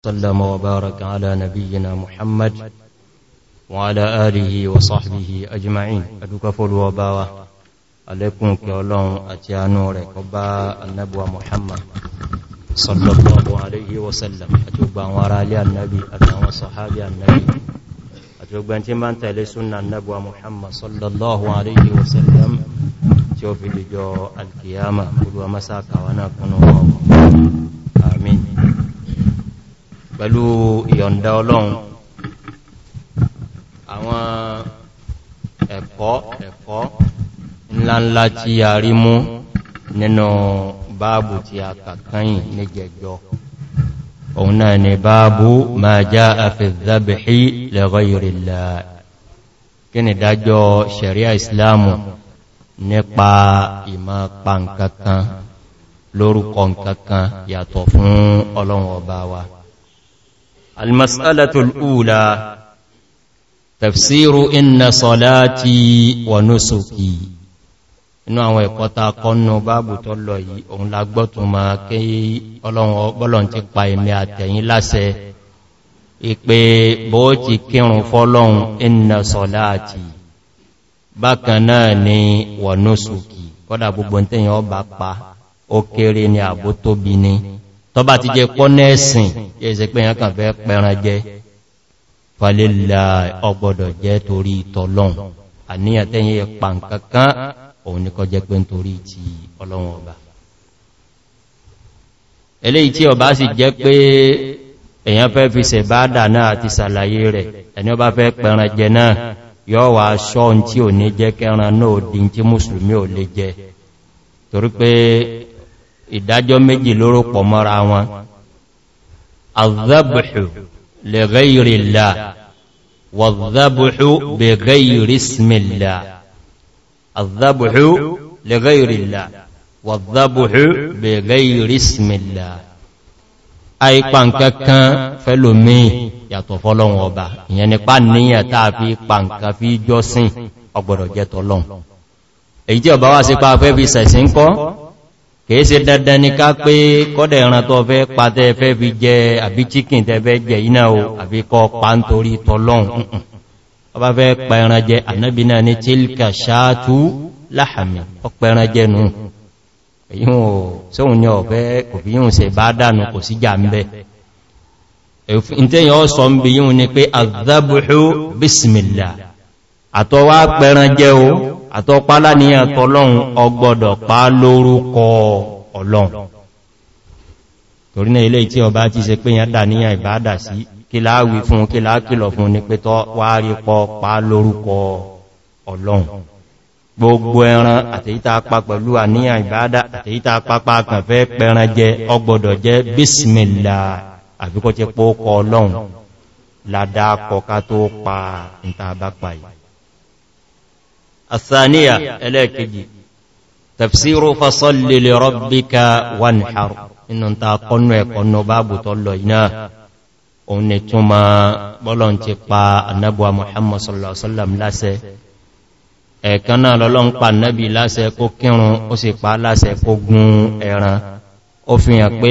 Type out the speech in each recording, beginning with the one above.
وسلم وبارك على نبينا محمد وعلى آله وصحبه أجمعين أدوك وباوة عليكم كولون أتيانو ركبا النبوة محمد صلى الله عليه وسلم أتوبا ورالي النبي أتوبا صحابي النبي أتوبا أنت من تلسنا النبوة محمد صلى الله عليه وسلم شوف لجو القيامة قلوا مساك ونكون آمين pẹ̀lú ìyọ̀ǹda ọlọ́run àwọn ẹ̀kọ́ ẹ̀kọ́ ńláńlá tí a rí mú nínú báàbù tí a kàkányìn ní jẹjọ òun náà ni báàbù ma já àfẹ́zàbìhí li ghayri Allah kí ni dájọ́ sharia islamu nípa ìmọ̀ pa nkankan lórúkọ nkankan yàtọ̀ fún ọlọ́run ọba wa. المسألة الأولى تفسير إن صلاتي ونسكي inú àwọn ẹ̀kọ́ ta kọ́nù báàbù tó lọ yìí òun lágbọ́tún ma kí ọlọ́run ti pa èmì àtẹ̀yìn láṣẹ ìpé bó ti kírùn fọ́lọ́run iná sọ̀láàtì bákan náà ni wọ̀nú sùkì kọ́dà gbogbo tẹ́yìn ọba pa ó kéré ni àbótóbi ni, ni tó bá ti jẹ pọ́ nẹ́ẹ̀sìn yẹ́sẹ̀ pé yán kàn fẹ́ pẹran jẹ falélà ọgbọ̀dọ̀ jẹ́ torí tọ́lọ́n àníyàn tẹ́yẹ pàǹkankan òun ní kọ jẹ́ pé ń torí ti ọlọ́run ọba eléyìí tí ọba sì jẹ́ pé èyàn fẹ́ fi sẹ̀ bá dànà àti sàlàyé rẹ̀ ẹni ọba fẹ́ pẹran jẹ náà yọ́ wà ṣọ́ tí ò ní jẹ́ kẹran náà di tí mùsùlùmí ò lè jẹ torí pé ìdájọ́ méjì lóró pọ̀ mọ́ra wọn azabuhu lè gẹ́yìrì là wàzabuhu bè gẹ́yìrì smìlà azabuhu lè gẹ́yìrì là wàzabuhu bè gẹ́yìrì smìlà àìpa nǹkan kan fẹ́lòmí yàtọ̀ fọ́lọ́wọ́ ọba ìyẹn nípa níyàn tàà fi pa nǹkan fi jọ́sìn ọgbọ̀dọ̀ jẹ́ tọ́lọ́n èyí tí ọba wá sí pa afẹ́ fi sẹ̀sìn kọ́ kìí ṣe dandan ní ká pé kọ́dẹ̀ ẹran tó fẹ́ pàtẹ́ fẹ́ fi jẹ àbí chicken tẹ́fẹ́ jẹ iná o àbí kọ pa ń torí tọ́lọ́un ọba fẹ́ pa ẹran jẹ ànábìnà ní tílkà ṣáàtú láhàmì ọpẹ ẹran jẹ nù èyíwò sóhun ní ọ̀fẹ́ àtọpálá ní àtọlọ́run ọgbọ̀dọ̀ pa lórúkọ ọlọ́run torí náà ilé tí ọba ti se pé yàndà ní àìbádà sí kí láàwí fún kí láàkìlọ̀ fún ní pé tọ́ wárí pọ pa lórúkọ ọlọ́run gbogbo ẹran àtèyíta pa pẹ̀lú àníyàn ìbádá àtèyíta pápá kan fẹ́ pẹran jẹ ọgbọ̀dọ̀ الثانية الاكجي تفسير فصل لربك وانحر إنه انت قنو يقنو باب طلعنا òun túnmà bọ́lọ̀n ti pa annabuwa muhammad sallallahu alaihi wasallam lásẹ ẹ̀kan náà lọ́lọ́n pa annabi lásẹ kó kírun ó sì pa lásẹ kó gún ẹran ó fi hàn pé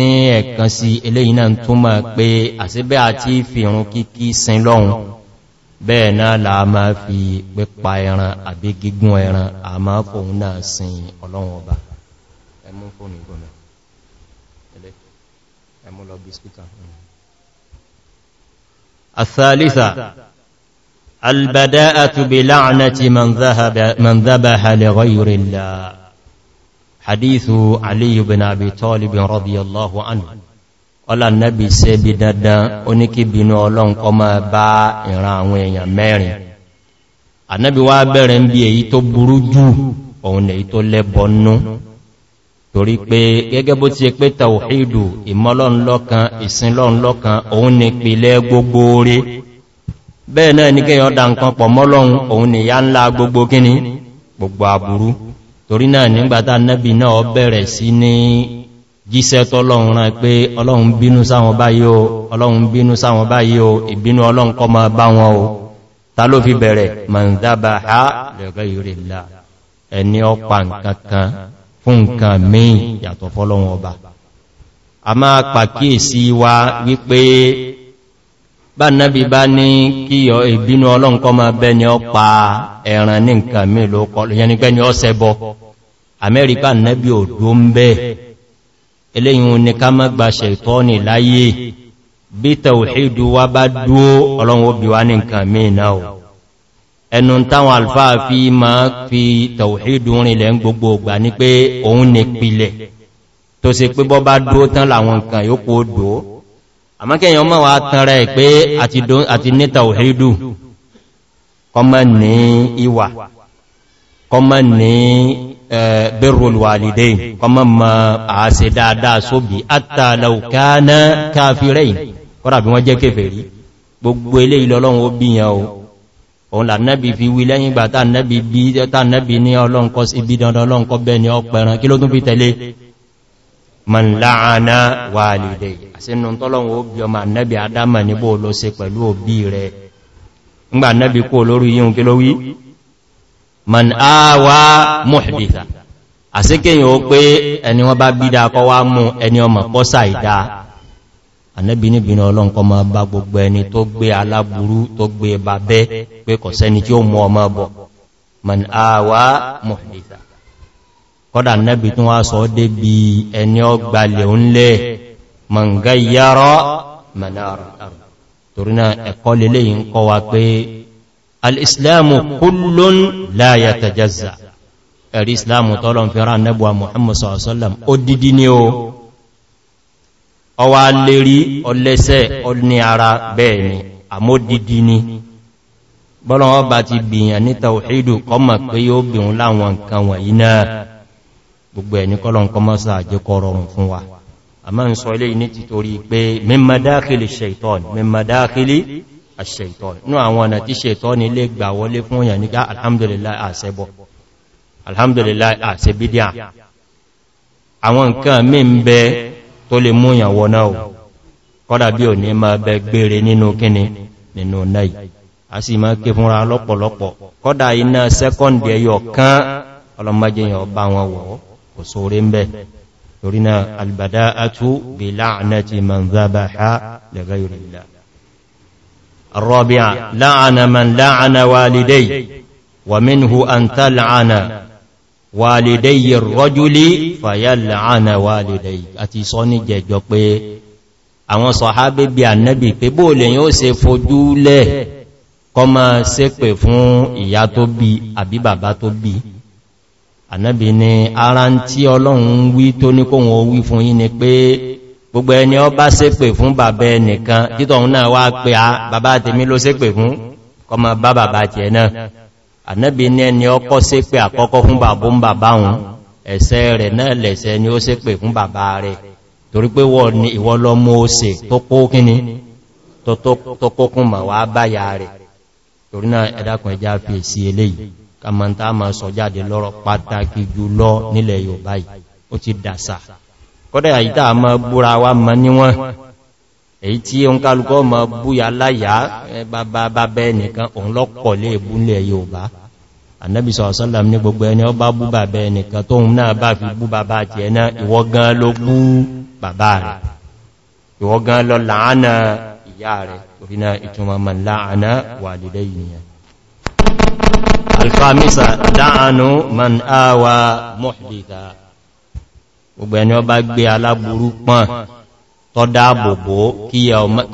ní ẹ̀kan sí eléyìn náà túnmà pé àsíbẹ́ àti fìrún kíkí sin lọ́hun bẹ́ẹ̀ náà la máa fi pípa ẹran àbí gígún ẹran a máa fòun náà sin ọlọ́run ọba ẹmú fóònù ìgbọ̀nà ẹmú lọ bí spíkà àtàlìsà albada àtúbí láàrín ti manzaba halẹ̀rọ yìí hadithu aliyu bin abi talibin radiyallahu anhu ọlá nẹ́bí ṣe bí dandan oníkíbinú ọlọ́run kọ máa bá ìran àwọn èèyàn mẹ́rin ànẹ́bí wá bẹ̀rẹ̀ ń bí èyí tó burú jù òun èyí tó lẹ́bọnú torí pé gẹ́gẹ́ bó ti pé tàwíìdù ìmọ́lọ́nlọ́kan ìsinlọ́nlọ́kan òun ni pìlẹ̀ gbogbo orí bẹ́ẹ̀ náà ní kíyàn jíṣẹ́ tó ọlọ́run rán pé ọlọ́run bínú sáwọn báyìí o ọlọ́run bínú sáwọn báyìí o ìbínú ọlọ́run kọ ma bá wọn o ta ló fi bẹ̀rẹ̀ mọ̀ndába ha lẹ́gbẹ́ ìrẹ̀ ìlà ẹni ọpa nkankan fún nkan mìí yàtọ̀ fọ́lọ́run ọba a máa pàkíyèsí wa wípé bá nábi bá ní kí ìbínú ọlọ́run kọ ma bẹ́ ni ọpa ẹ̀ràn nẹ́bí òdó ń bẹ́ẹ̀ eléyìn ní ká má gba ṣẹ̀tọ́nì láyé bí tàwíìdù wá bá dúó ọlọ́run ó bí wá ní nǹkan mìíràn ò ẹnu táwọn alfáà fi ma fi tàwíìdù rìnlẹ̀ ń gbogbo ògbà ní pé òun ní pilẹ̀ tó sì pé bọ́ bá dúó tán láwọn nǹkan yóò dó àmọ́kẹ́yàn mọ́ wá tán rẹ̀ pé àti ní tàwíìdù kọmọ ní ìwà kọmọ ní birrul walidain ọmọ ma a ṣe dáadáa sóbi hatta law kana kafirain kọ́nà bí wọ́n jẹ́ kèfèrí gbogbo ilé ìlọ́lọ́run ó bíyàn o òun là nẹ́bì fi wí lẹ́yìn ìgbà tàà nẹ́bì bí tàà nẹ́bì ní ọlọ́nkọ́ sí ibi dandan ọlọ́nkọ́ bẹ́ ni ọpẹran kí ló tún fi tẹ̀lé man láàánà wà lìdẹ̀ àsínú tọ́lọ́run ó bí ọmọ nẹ́bì adama níbò lọ sí pẹ̀lú òbí rẹ̀ ngbà nẹ́bì kó lórí yíun kí ló wí man áwà muhditha àsíkèyàn ó pé ẹni wọ́n bá bídá kọ́ wá mú ẹni ọmọ ni ìdá anẹ́bìnibìnà ọlọ́nkọ́ ma bá gbogbo ẹni tó gbé aláburú tó gbé bàbẹ́ pé kọ̀ sẹ́ni tí ó mú ọmọ bọ̀ man áwà muhditha kọ́dà nẹ́bì tún wá sọ dé bí ẹni ọgbàlẹ̀ oúnlẹ̀ man gayyara manar torí náà ẹ̀kọ́ lélẹ́yìn kọ́ wa pé al'islamu kullun la ya tajazza ẹ̀rí islamu tọ́lọ̀ fi rán nẹ́bùwa muhammad sallam ó dídí ní o ọwà lérí ọlẹ́sẹ̀ ọlní ara bẹ́ẹ̀ ni àmó dídí ní bọ́lọ̀wọ́ bá ti gbìyàn ní tàwíìdù kọmọ̀ pé yóò bìun láwọn nǹkan wọ̀nyí náà gbogbo ẹ̀ ní kọ́lọ̀ kọmọ́sà àjẹ́kọrọrùn fún wa a máa ń sọ ilé ní títorí pé mímọ̀ dákìlì ṣeìtọ́n mímọ̀ dákìlì àṣẹ́ìtọ́ inú àwọn ọ̀nà tí ṣètọ́ ní lè gbà wọlé fún òyìn nígbà alhamdulillah àṣẹ́bọ̀ alhamdulillah àṣẹ́bídíà àwọn nǹkan mí ń bẹ tó lè múyàn wọná o kọ́dà bí ò ní máa bẹ gbére nínú kíni nínú náà a sì máa ké fúnra lọ́pọ̀lọpọ̀ kọ́dà iná sẹ́kọ́ndì ẹyọ kan ọlọ́mọdéyàn bá wọn wọ̀ الرابعة لعن من لعن والدي ومنه أن تلعن والدي الرجل فيلعن والدي àti sọ ní jẹjọ pé àwọn sọ̀hábé bí ànẹ́bì pé bó lè yíó ṣe fojú lẹ̀ kọ ma ṣe pè fún ìyá tó bí àbí bàbá tó bí ànẹ́bì ni ara ń tí ọlọ́run wí tó ní kóhun ó fún yí ni pé gbogbo ẹni ọ bá ṣépè fún bàbá ẹnìkan títọ̀ òun náà wá pé a ah, bàbá tèmi ló ṣépè fún kọmọ bá bàbá tẹ̀ náà ànábì ní ẹni ọkọ́ ṣépè àkọ́kọ́ fún bàbá ń bàbá hùn ẹ̀ṣẹ̀ rẹ̀ náà lẹ̀ṣẹ̀ ni ó ṣépè fún bàbá rẹ̀ torí pé wọ́n ni ìwọ lọ mọ́ ó se tó kọ́dẹ̀ àyíká mọ́ búra wá mọ́ níwọ̀n èyí tí o ń kálùkọ́ mọ́ búya láyá bàbá bàbá ẹnìkan òun lọ́pọ̀ lè búnlẹ̀ yóòbá annabi sọ̀sọ́làm ní gbogbo ẹni ọ bá bú bàbá ẹnìkan tó ń náà bá fi bú bàbá àti ẹ̀nà ìwọ́gán ló bú bàbá rẹ̀ ìwọ́gán lọ láàánà ìyá rẹ̀ orínà ìtumọ̀ mọ̀ láàánà wà lèdè ìyẹn alfamisa dáànù man awa mọ́hdìta gbogbo ẹni ọba gbé aláburú pọ̀n tọ́dá àbòbò kí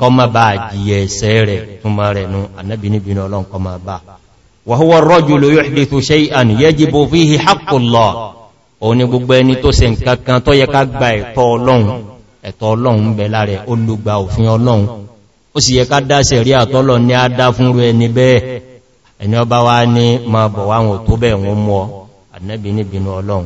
ọmọ bá jíyẹ ẹ̀ṣẹ̀ rẹ̀ túnmọ̀ rẹ̀ nú annabinibin ọlọ́nkọ ma bá wàhúwọ́ rọ́jù ló yóò ṣe tó ṣe ìhàn yẹ́jìbò fi hì hàkùlọ̀ òun ni gbogbo ẹni tó se nkankan tó yẹ ká gba ẹ̀tọ́ ọlọ́run ẹ̀tọ́ ọlọ́run bẹ lára olùgbà òfin ẹni ọba wá ní ma bọ̀ wáwọn tó bẹ̀ wọn mọ́ àdínẹ́bìnibinu ọlọ́run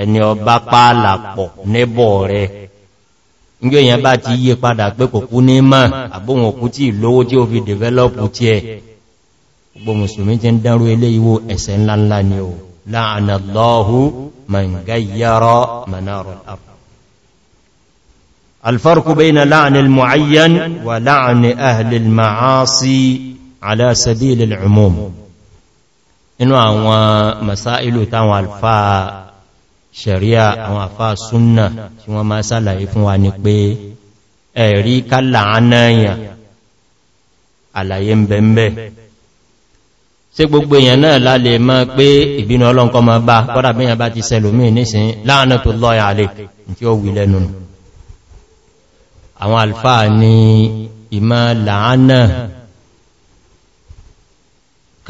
ẹni ọba pàálàpọ̀ nébọ̀ rẹ̀ nígbé èyàn bá ti yí padà pé kò kú ní mọ́ àbóhùn òkú tí ìlówó tí ó fi dẹ̀vẹ́lọ́pù tí ẹ gbogbo mùsùlùmí ti ń dánrú ilé ìwò ẹ̀sẹ̀ ńláńlá ni ó láàánàlọ́hù mọ̀ǹgáyàrọ̀ ṣẹ̀ríà àwọn àfá súnnà tí wọ́n máa sálàyé fún wa ní pé ẹ̀rí kálà ánáyàn àlàyé mbẹ̀mbẹ̀ sí gbogbo èèyàn náà lálẹ̀ mọ́ pé ìbínú ọlọ́nkọ́ ma bá kọ́dà bíyàn bá ti sẹlòmí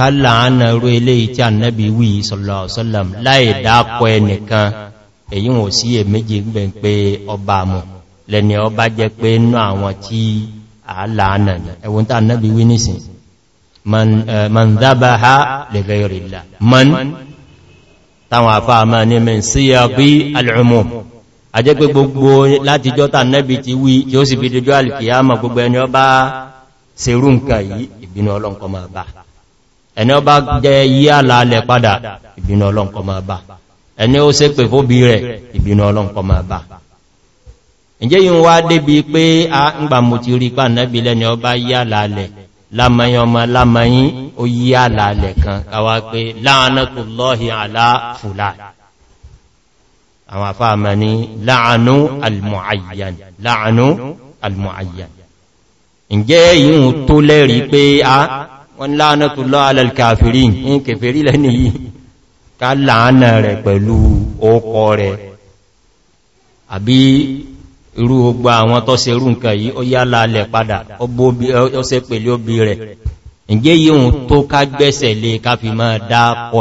kálà ánà rú ilé ìtí ànẹ́bí wí sọ̀lọ̀sọ̀lọ̀m láì dápọ̀ ẹnìkan èyí wọ́n sí èméjì gbẹ̀ pé ọba mọ̀ lẹ́ni ọba jẹ́ pé inú àwọn tí àálà ánà ẹwọ́n tàà ànẹ́bí wí nìsìn man dábà ha lẹ́gẹ̀ rìlá al'umum a jẹ́ pé gbogbo láti jọta nẹ́bi ti wí tí ó sì fi dẹjọ́ alìkìyàmà ọlọ́nkọ máa bá ẹni ó bá jẹ yí àlàálẹ̀ padà ìbínú ọlọ́nkọ́ máa bá ẹni ó sé pè fóbi rẹ̀ ìbínú ọlọ́nkọ́ máa bá ǹjẹ́ yíò wá débi pé a ń gbà mú ti rí pà nẹ́bí lẹ́ni ọba yí àlàálẹ̀ lámàyín ọmọ lámàyín ó yí àlàálẹ̀ kan káwà pé la'anatullahi ala ǹjẹ́ yíò tó lẹ́rí pé a wọ́n la'natullah ala al-kafirin ní kèfèrí lẹ́ni yìí ká láàánà rẹ̀ pẹ̀lú ọkọ̀ rẹ̀ àbí irú ogbà àwọn tó ṣe irú nǹkan yìí ó yálà lẹ̀ padà ó ṣe pẹ̀lú òbí rẹ̀ ǹjẹ́ yíò tó ká gbẹ́sẹ̀ lé ká fi máa dá pọ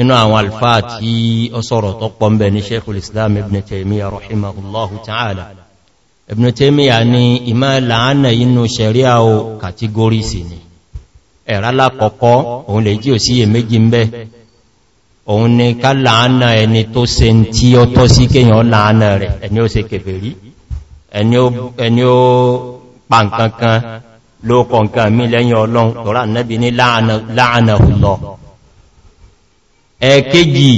inú àwọn alfa tí ó sọ̀rọ̀ tó pọ̀ ń bẹ̀ ní sheikhul islam ibn taymiyyah rahimahullahu ta'ala ibn taymiyyah ni ìmá làánà inú sharia o kàtígórìsì ni ẹ̀rá lákọ̀ọ́kọ́ òun lè jí ò sí è méjì ń bẹ́ òun ni ká làánà ẹni tó ṣe ń tí ó tọ́ sí kéyàn làánà rẹ̀ ẹni ó ṣe kèfèrí ẹni ó pa nǹkankan ló kọ̀ǹkan mí lẹ́yìn ọlọ́run tọ́rà nẹ́bi ní la'anahu Allah ẹ̀ẹ̀kejì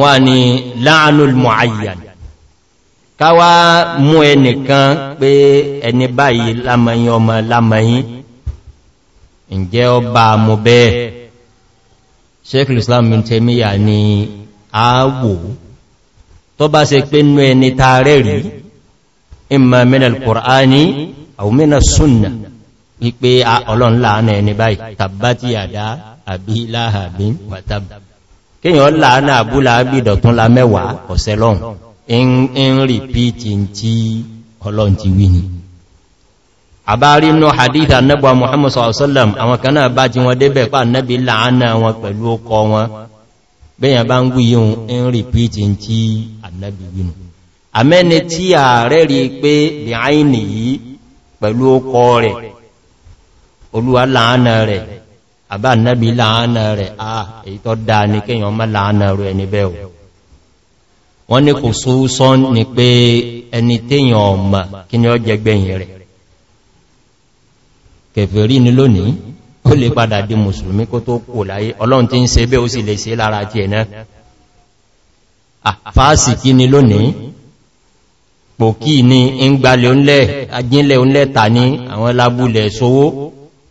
wà ní láàánul mọ̀ayyàn káwà mú ẹnìkan pé ẹni báyìí lámàáyí ọmọ lámàáyí ǹjẹ́ ọ bá mú bẹ́ẹ̀ sheikh islam min temiya ni àwò tó bá se pé nú ẹni tààrẹ rí imma min al-qur'ani aw min wípé ọlọ́nlá ẹni báyìí tàbátí àdá àbí láhàbí wàtàbí kíyàn láàánà àbúlà àbìdọ̀tún la mẹ́wàá ọ̀sẹ̀ lọ́n in rìpítì tí ọlọ́n ti wí ni àbárí inú hadith annabuwa muhammad sallam àwọn kan náà bá ti wọn débẹ̀ pa annabi láàánà wọn pẹ̀lú ọkọ wọn bẹ́yàn bá ń wíyún in rìpítì àbá nẹ́bí láàánà rẹ̀ a èyí tó dáa ní kíyàn má láàánà rẹ̀ níbẹ̀ ò wọ́n ní kò sóúsọ́ ni pé ẹni tíyàn ọmọ kí ni ó jẹgbẹ̀yìn rẹ̀ kèfèrí ni lónìí ó lè padà di mùsùlùmí kó tó kò láyé ọlọ́run tí ń ṣe bẹ́ ó sì lè ṣe lára ti ẹ̀nà ni lónìí pòkí ni ń gbalẹ̀ oúnlẹ̀ ajínlẹ̀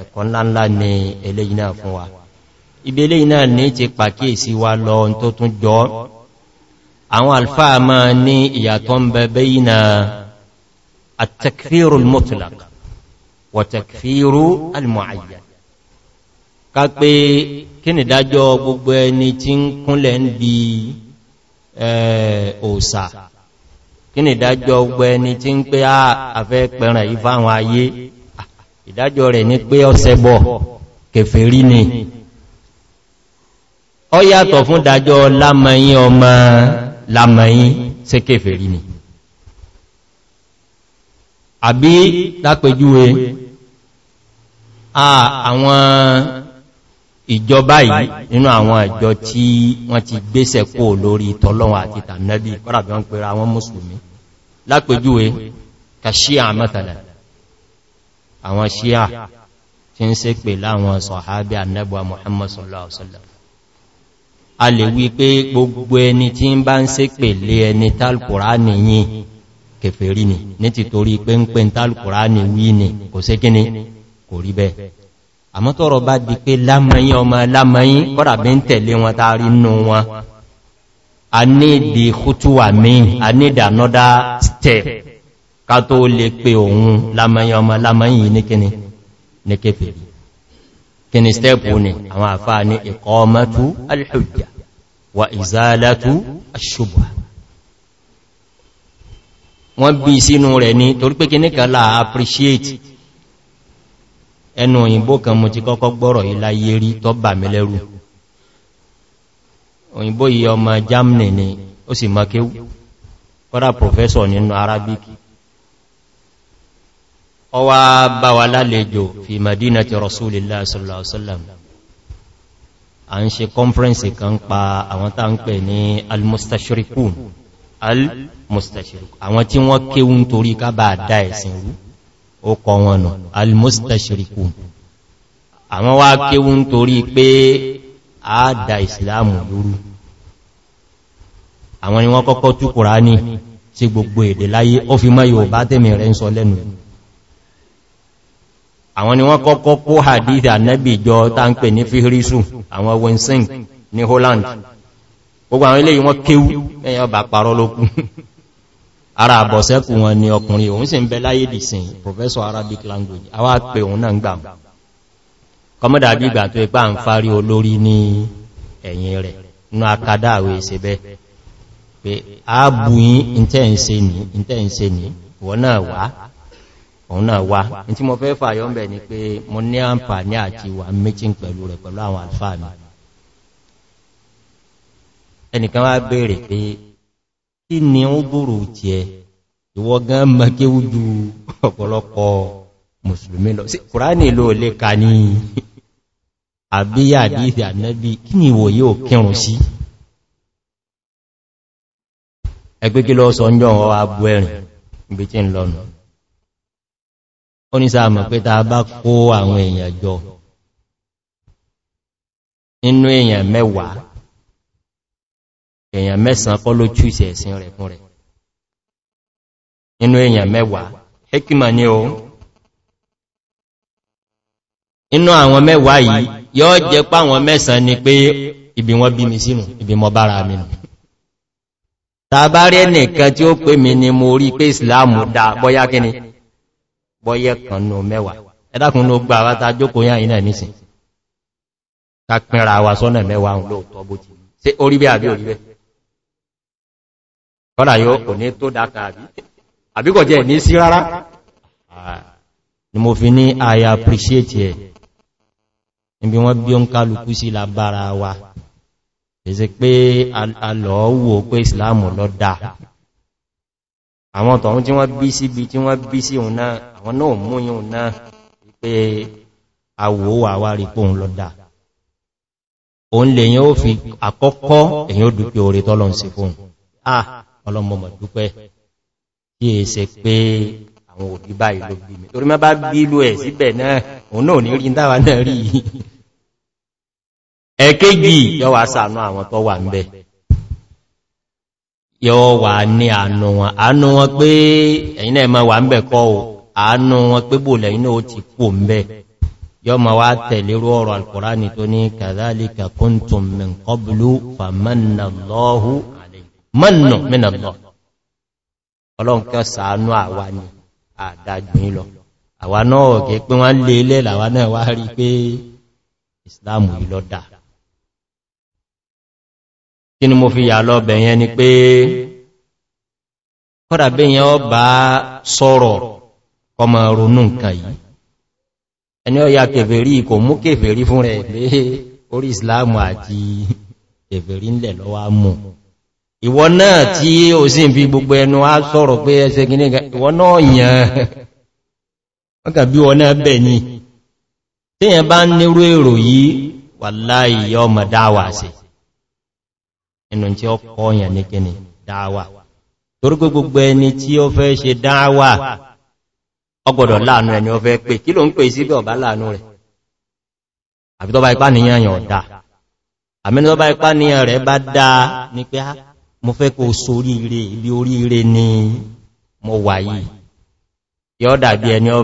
ẹ̀kọ́ ńláńlá ni eléyìí náà fún wa ibi eléyìí náà ní ti pàkíyèsí wa lọ tó tún jọ àwọn alfáà máa ní ìyàtọ̀ ń bẹ bẹ́yìnà àtẹ̀kfíru mutlaq wa takfiru al-mu'ayyan ká pé kí ni dájọ́ gbogbo ẹni tí ń kúnlẹ̀ ń bi òòsà kí ni dájọ́ gbogbo ẹni tí ń pé àfẹ́ pẹ̀rẹ̀ ìfáwọn ayé ìdájọ́ rẹ̀ ní pé ọ̀sẹ̀bọ̀ kèfèrí ni ọ yàtọ̀ fún dájọ́ lámàáyín ọmọ lámàáyín sí kèfèrí ni àbí lápẹjúwe àwọn ìjọba yìí nínú àwọn ìjọ tí wọ́n ti gbéṣẹ̀ kó lórí tọ́lọ́wọ́ àti tànẹ́bí kọ́ràbí wọ́n pèrè àwọn mùsùlùmí lápẹjúwe kàṣíà mọ́tàlẹ̀ àwọn ṣíà tí ń sé pè láwọn sọ̀hábí annabuwa muhammad sallallahu alaihi wasallam a lè wí pé gbogbo ẹni tí ń bá ń sé pè lé ẹni tálkùránì yìí kèfèrí ni ní ti torí pé ń pè tálkùránì wí ni kò sé kíní kò rí bẹ́ẹ̀ àmọ́tọ́rọ bá di pé lámọ́yìn ọmọ lámọ́yìn kọ́dà bí ń tẹ̀lé wọn tarí nù wọn a ní ìdí kútùwà míì a ní ìdánọ́dá step ká tó lè pé òun lámọ́yìn ọmọ lámọ́yìn ní kíni ní kéfèrí kíni stẹ́pù ni àwọn àfá ní iqamatu al-hujja wa izalatu ash-shubha wọ́n bí sínú rẹ̀ ní torí pé kíní kan láà appreciate ẹnu òyìnbó kan mo ti kọ́kọ́ gbọ́rọ̀ ilá yérí tó bà mí lẹ́rù òyìnbó yìí ọmọ Germany ni ó sì mọ́ kéwú kọ́dá professor nínú Arabic ọwá bá wa lálejò fi madina ti rasulillah sallallahu alaihi wasallam a ń ṣe kọnfẹ́rẹ́nsì kan pa àwọn tá ń pè ní al-mustashirikun al-mustashirikun àwọn tí wọ́n kéwú torí ká bá dá ẹ̀sìn rú ó kọ wọn nà al-mustashirikun àwọn wá kéwú torí pé a dá ìsìlámù lórú àwọn ni wọ́n kọ́kọ́ túkùrá ní sí gbogbo èdè láyé ó fi mọ́ yóò bá tẹ́mì rẹ̀ ń sọ lẹ́nu àwọn ni wọ́n kọ́kọ́ kó hadith annabi jọ tá ń pè ní fihrisu àwọn winsing ní holland gbogbo àwọn ilé wọn kéwú ẹ̀yàn bà parọ́ lókún ara àbọ̀sẹ́kù wọn ni ọkùnrin òun sì ń bẹ láyé dìsìn professor arabic language a wá pè òun náà gbà kọmọ́dà bí ìgbà tó ipá ń fárí olórí ní ẹ̀yìn rẹ̀ inú akadá àwẹ̀ ìsẹ̀bẹ́ pé ààbùyín intẹ́ǹsẹ̀ ní òun náà wá ní tí mo fẹ́ fàyọ́ ń mo ní àǹfà ní àti wà meeting pẹ̀lú rẹ̀ pẹ̀lú àwọn àlfáà mi ẹnìkan wá bèèrè pé kí ni ó búrú ti ẹ ìwọ gan mọ́kéwú ju ọ̀pọ̀lọpọ̀ mùsùlùmí lọ sí kùránì ló lè ka ní àbíyà ni ìwò yóò kírùn sí ó ní sáàmà pé ta bá kó àwọn èèyàn jọ nínú èèyàn mẹ́wàá èèyàn mẹ́sàn kọ́ ló chúìsẹ̀ ẹ̀sìn rẹ̀ fún rẹ̀ nínú èèyàn mẹ́wàá hekima ní o inú àwọn mẹ́wàá yìí yóò jẹ páwọn mẹ́sàn ni pé ibi wọn bí mi sínú ibi mọ bára mi nù tàbárẹ́ nìkan tí ó pè mí ni mo rí pé ìsìláàmù dà bọ́yá kíni bọ́yẹ́ kan ní mẹ́wàá ẹ̀dàkùn ló gbà wá ta jókòó yá iná ìmísìn ta pínra wa sọ́nà mẹ́wàá ń lóòtọ́ bó ti ṣe orí àbí orí kọ́nà yóò kò ní tó dáka àbí àbí jẹ́ ní sí rárá ah, ni mo fi ní i appreciate ẹ̀ níbi wọ́n bí ó ń kálukú sí labára wa pèsè pé alọ́wọ́ pé ìsìláàmù lọ dáa àwọn tọ̀hún tí wọ́n bí síbi tí wọ́n bí sí òun náà àwọn náà mú yíò náà wípé àwò àwà rí pò ń lọ́dà òun lè yẹn ó fi àkọ́kọ́ èyàn ó dúpẹ́ orí tọ́lọ́n sí fún à ọlọ́mọmọ̀ dúpẹ́ tí è ṣe pé àwọn òbí báyìí ló bí mi torí má bá bí ìlú ẹ̀ síbẹ̀ náà òun náà ní rí dáwà náà rí ẹ̀kejì yọ́wà sàánú àwọn tó ń bẹ́ẹ̀ yóò wà ní àánú wọn àánú wọn pé ẹ̀yin náà ma wà ń bẹ̀ kọ́ o àánú wọn pé bò lẹ́yìn náà ó ti kò ń bẹ̀ yóò ma wá tẹ̀lé rú ọ̀rọ̀ alkùránì tó ní kàzálíkà kúntùn min kọbùlú fa mannallahu kí ni mo fi yà lọ bẹ̀yẹn ni pé kọ́dà bí yẹn ọ bá sọ́rọ̀ ọmọ ronú nǹkan yìí ẹni ọ ya kèfèrí kò mú kèfèrí fún rẹ̀ pé orí islamu àti kèfèrí ń lẹ̀ lọ́wọ́ mú ìwọ náà tí ó sì ń fi gbogbo ẹnu á sọ́rọ̀ pé ẹsẹ gínigà ìwọ náà yàn inú tí ó kọ́ọ̀yàn ní kíni dáwà torípé gbogbo ẹni tí ó fẹ́ ṣe dáwà ọgbọ̀dọ̀ láàánú ẹni ó fẹ́ pé kí ló ń pè síbẹ̀ ọ̀bá láàánú rẹ̀ àbí tọ́bá ipá níyàn yàn dá àmì tọ́bá ipá níyàn rẹ̀ bá dá ni ah, mo wà yìí yọ́ dàbí ẹni ó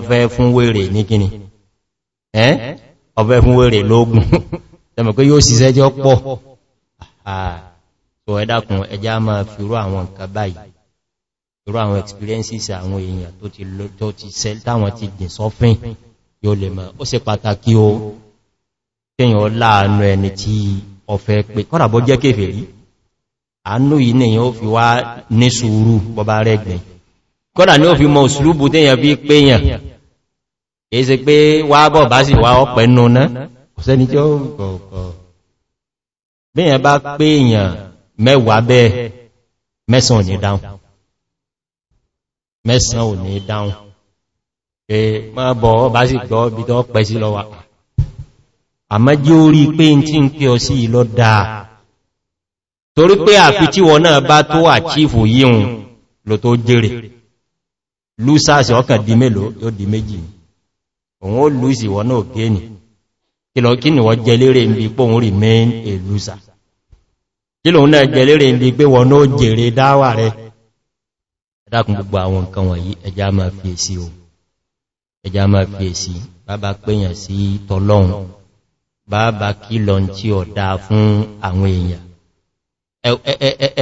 pé yóò so ẹ̀dàkùn ẹja máa fi rú àwọn nǹkan báyìí irú àwọn experiences àwọn èèyàn tó ti lọ tó ti sell táwọn ti jìn sọ́fìn yóò lè mọ̀ ó sì pàtàkì o kíyàn láàánú ẹni tí ọ̀fẹ́ pé kọ́ràbọ́ jẹ́ kéfèrí àánú yìí nìyàn ó fi wá ní sùúrù bọba rẹ̀gbìn kọ́rà ní ó fi mọ òsùlúbù tíyàn mẹ́wàá bẹ́ẹ̀ mẹ́sàn ò ní dáun mẹ́sàn ò ní dáun pé máa bọ̀ ọba sì gbọ́ bí tọ́ pẹ́ sí lọ wà àmá jí ó rí pé n tí ń pẹ́ ọ sí ìlọ dáa torí pé àfi tí wọ náà bá tó àchífò yíhun ló tó jèrè lúsáàsì ọkàn di mélòó yóò di méjì òun ó lúsì wọ náà kéènì kí lọ wọ́n jẹ lérè ń bí pòun remain a loser kí lòun náà jẹ lérè ń di pé wọ́n náà jèrè dáwà rẹ̀ ẹ̀dàkùn gbogbo àwọn nǹkan wọ̀nyí ẹja máa fi èsì o ẹja máa fi èsì bàbá pèyàn sí tọ́lọ́un bàbá kí lọ tí ọ dáa fún àwọn èèyàn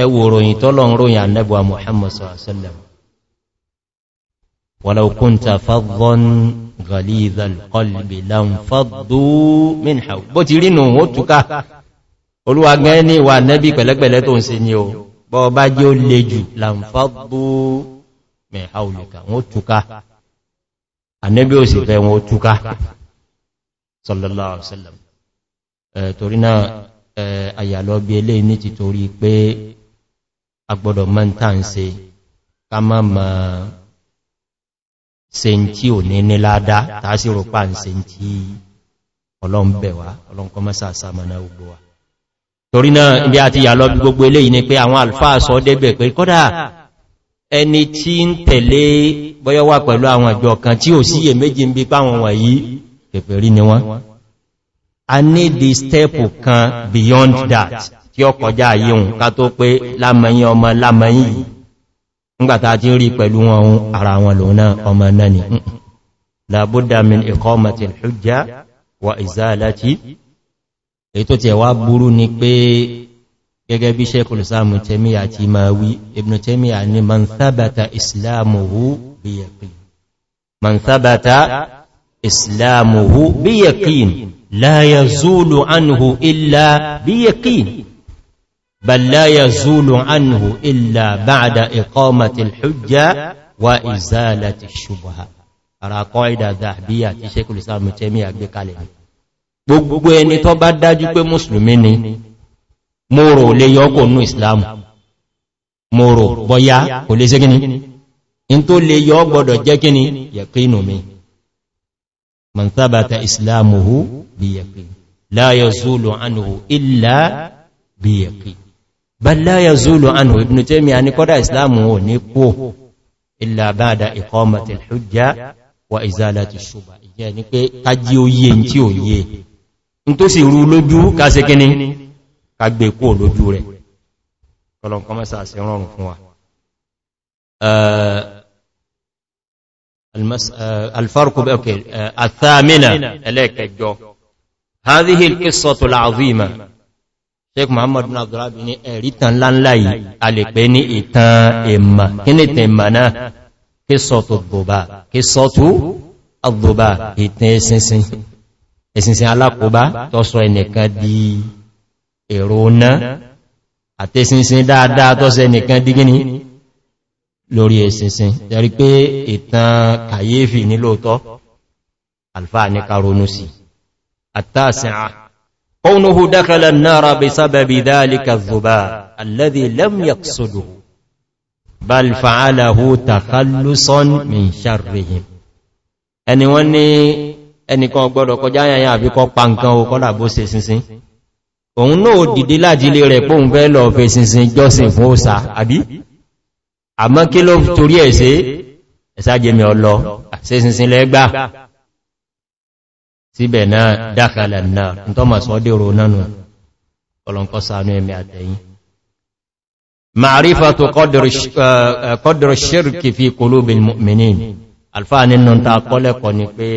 ẹwò tọ́lọ́un ròyìn anẹ́bùwa muhammad sallam olúwagán ní wà nẹ́bí pẹ̀lẹ́pẹ̀lẹ́ tó ń se ní o bọ́ bá jẹ́ ó lè jù láǹfàbú mẹ́ha olùkà wọ́n túká anẹ́bí ó sì fẹ́ wọ́n túká sallallahu alaihi wasallam torí náà àyàlọ́ bí eléyìí ní ti torí pé agbọ́dọ̀ mọ́ntà ń se ká má mọ́ se ń tí ò ní níláadá tàásí rò pà ọlọ́m̀bẹ̀wá ọlọ́m̀kọ́mọ́sà sàmọ́ná gbogbo wa torí náà ibi àti ìyà lọ́bí gbogbo eléyìí ni pé àwọn alfáà sọ débẹ̀ pé kọ́dà ẹni tí ń tẹ̀lé bọ́yọ́wà pẹ̀lú àwọn ìjọ kan tí ò síyè méjì ń bí páwọn wọ̀nyí kẹfẹ̀rí ni wọ́n a ní di stẹ́pù kan beyond that tí ó kọjá ayé hùn ká tó pé lámẹ́yìn ọmọ lámẹ́yìn ngbàtà tí rí pẹ̀lú wọn ohun ara wọn lòun náà wa ìzálàtí ètò ti ẹ̀wà burú ni pé gẹ́gẹ́ bí sẹ́kùlù sáàmù tẹ́míyà ti ma wí ibn tẹ́míyà ni man thabata islamuhu biyaqin man thabata islamuhu biyaqin la zúlù anuhu illa biyaqin bal la zúlù anuhu illa ba'da iqamati al-hujja wa izalati ash-shubha ara kọ́ qaida dhahabiyya ti sẹ́kùlù sáàmù tẹ́míyà gbé kalẹ̀ gbogbo ẹni tó bá dájú pé mùsùlùmí ni mòrò lè yọ́kò nú ìsìlámù mòrò bọ́yá kò lè ṣe gíní in tó lè yọ́ gbọdọ̀ jẹ́ gíní yẹ̀kínù mi man thabata islamuhu bi yaqin la yazulu anhu illa bi yaqin bal la yazulu anhu ibn taymiyyah ni koda islamu o ni ku illa ba'da iqamati hujja wa izalati ash-shubha ije ni pe taji oye nti oye ní tó sì rú lójú káṣe kíní kagbé kó lójú rẹ̀ kọlọ̀nkọ́ mẹ́sà sí rọrùn fún wa alfarku bẹ́ẹ̀kẹ́ àtàmìnà ẹlẹ́ẹ̀kẹjọ هذه القصة العظيمة sheik muhammadu abdullabi ni ẹ̀rí tan láńlá yìí a lè pẹ́ ní ìtàn èmà kí ní ìtàn èmà náà kí sọ́tù àdùbà ìtàn ẹ̀sìnsìn ẹ̀sìnsìn alákòóbá tọ́sọ ẹnìkan di èrò náà àtẹ́sìnsìn dáadáa tọ́sọ ẹnìkan di gíní lórí ẹ̀sìnsìn tẹ́rí pé ìtàn kàyéfì nílòótọ́ alfa ní karonú sí àtàsìnà kọ́nùhù dákàlà náà bí sábàbí dáàlìkà zùbá alẹ́dì lẹ́mìyàksùdù bal fa'alahu takhallusan min sharrihim ẹni wọ́n ni ẹnìkan gbọ́dọ̀ kọjá yányá àbíkọ pa nǹkan o kọ́dà bó se sinsin òun náà dìde lájílé rẹ̀ pòun fẹ́ lọ fẹ́ sinsin jọ́sìn fún òsà àbí àmọ́ kí ló torí ẹ̀ sí ẹ̀sájẹmi ọlọ se sinsin lẹ́gbà síbẹ̀ náà dákàlẹ̀ náà ń tọ́ mà sọ́dẹ̀rọ nánú ọlọ́nkọ́ sánú ẹ̀mẹ́ alfa nínú ta kọ́lẹ̀kọ́ ni pé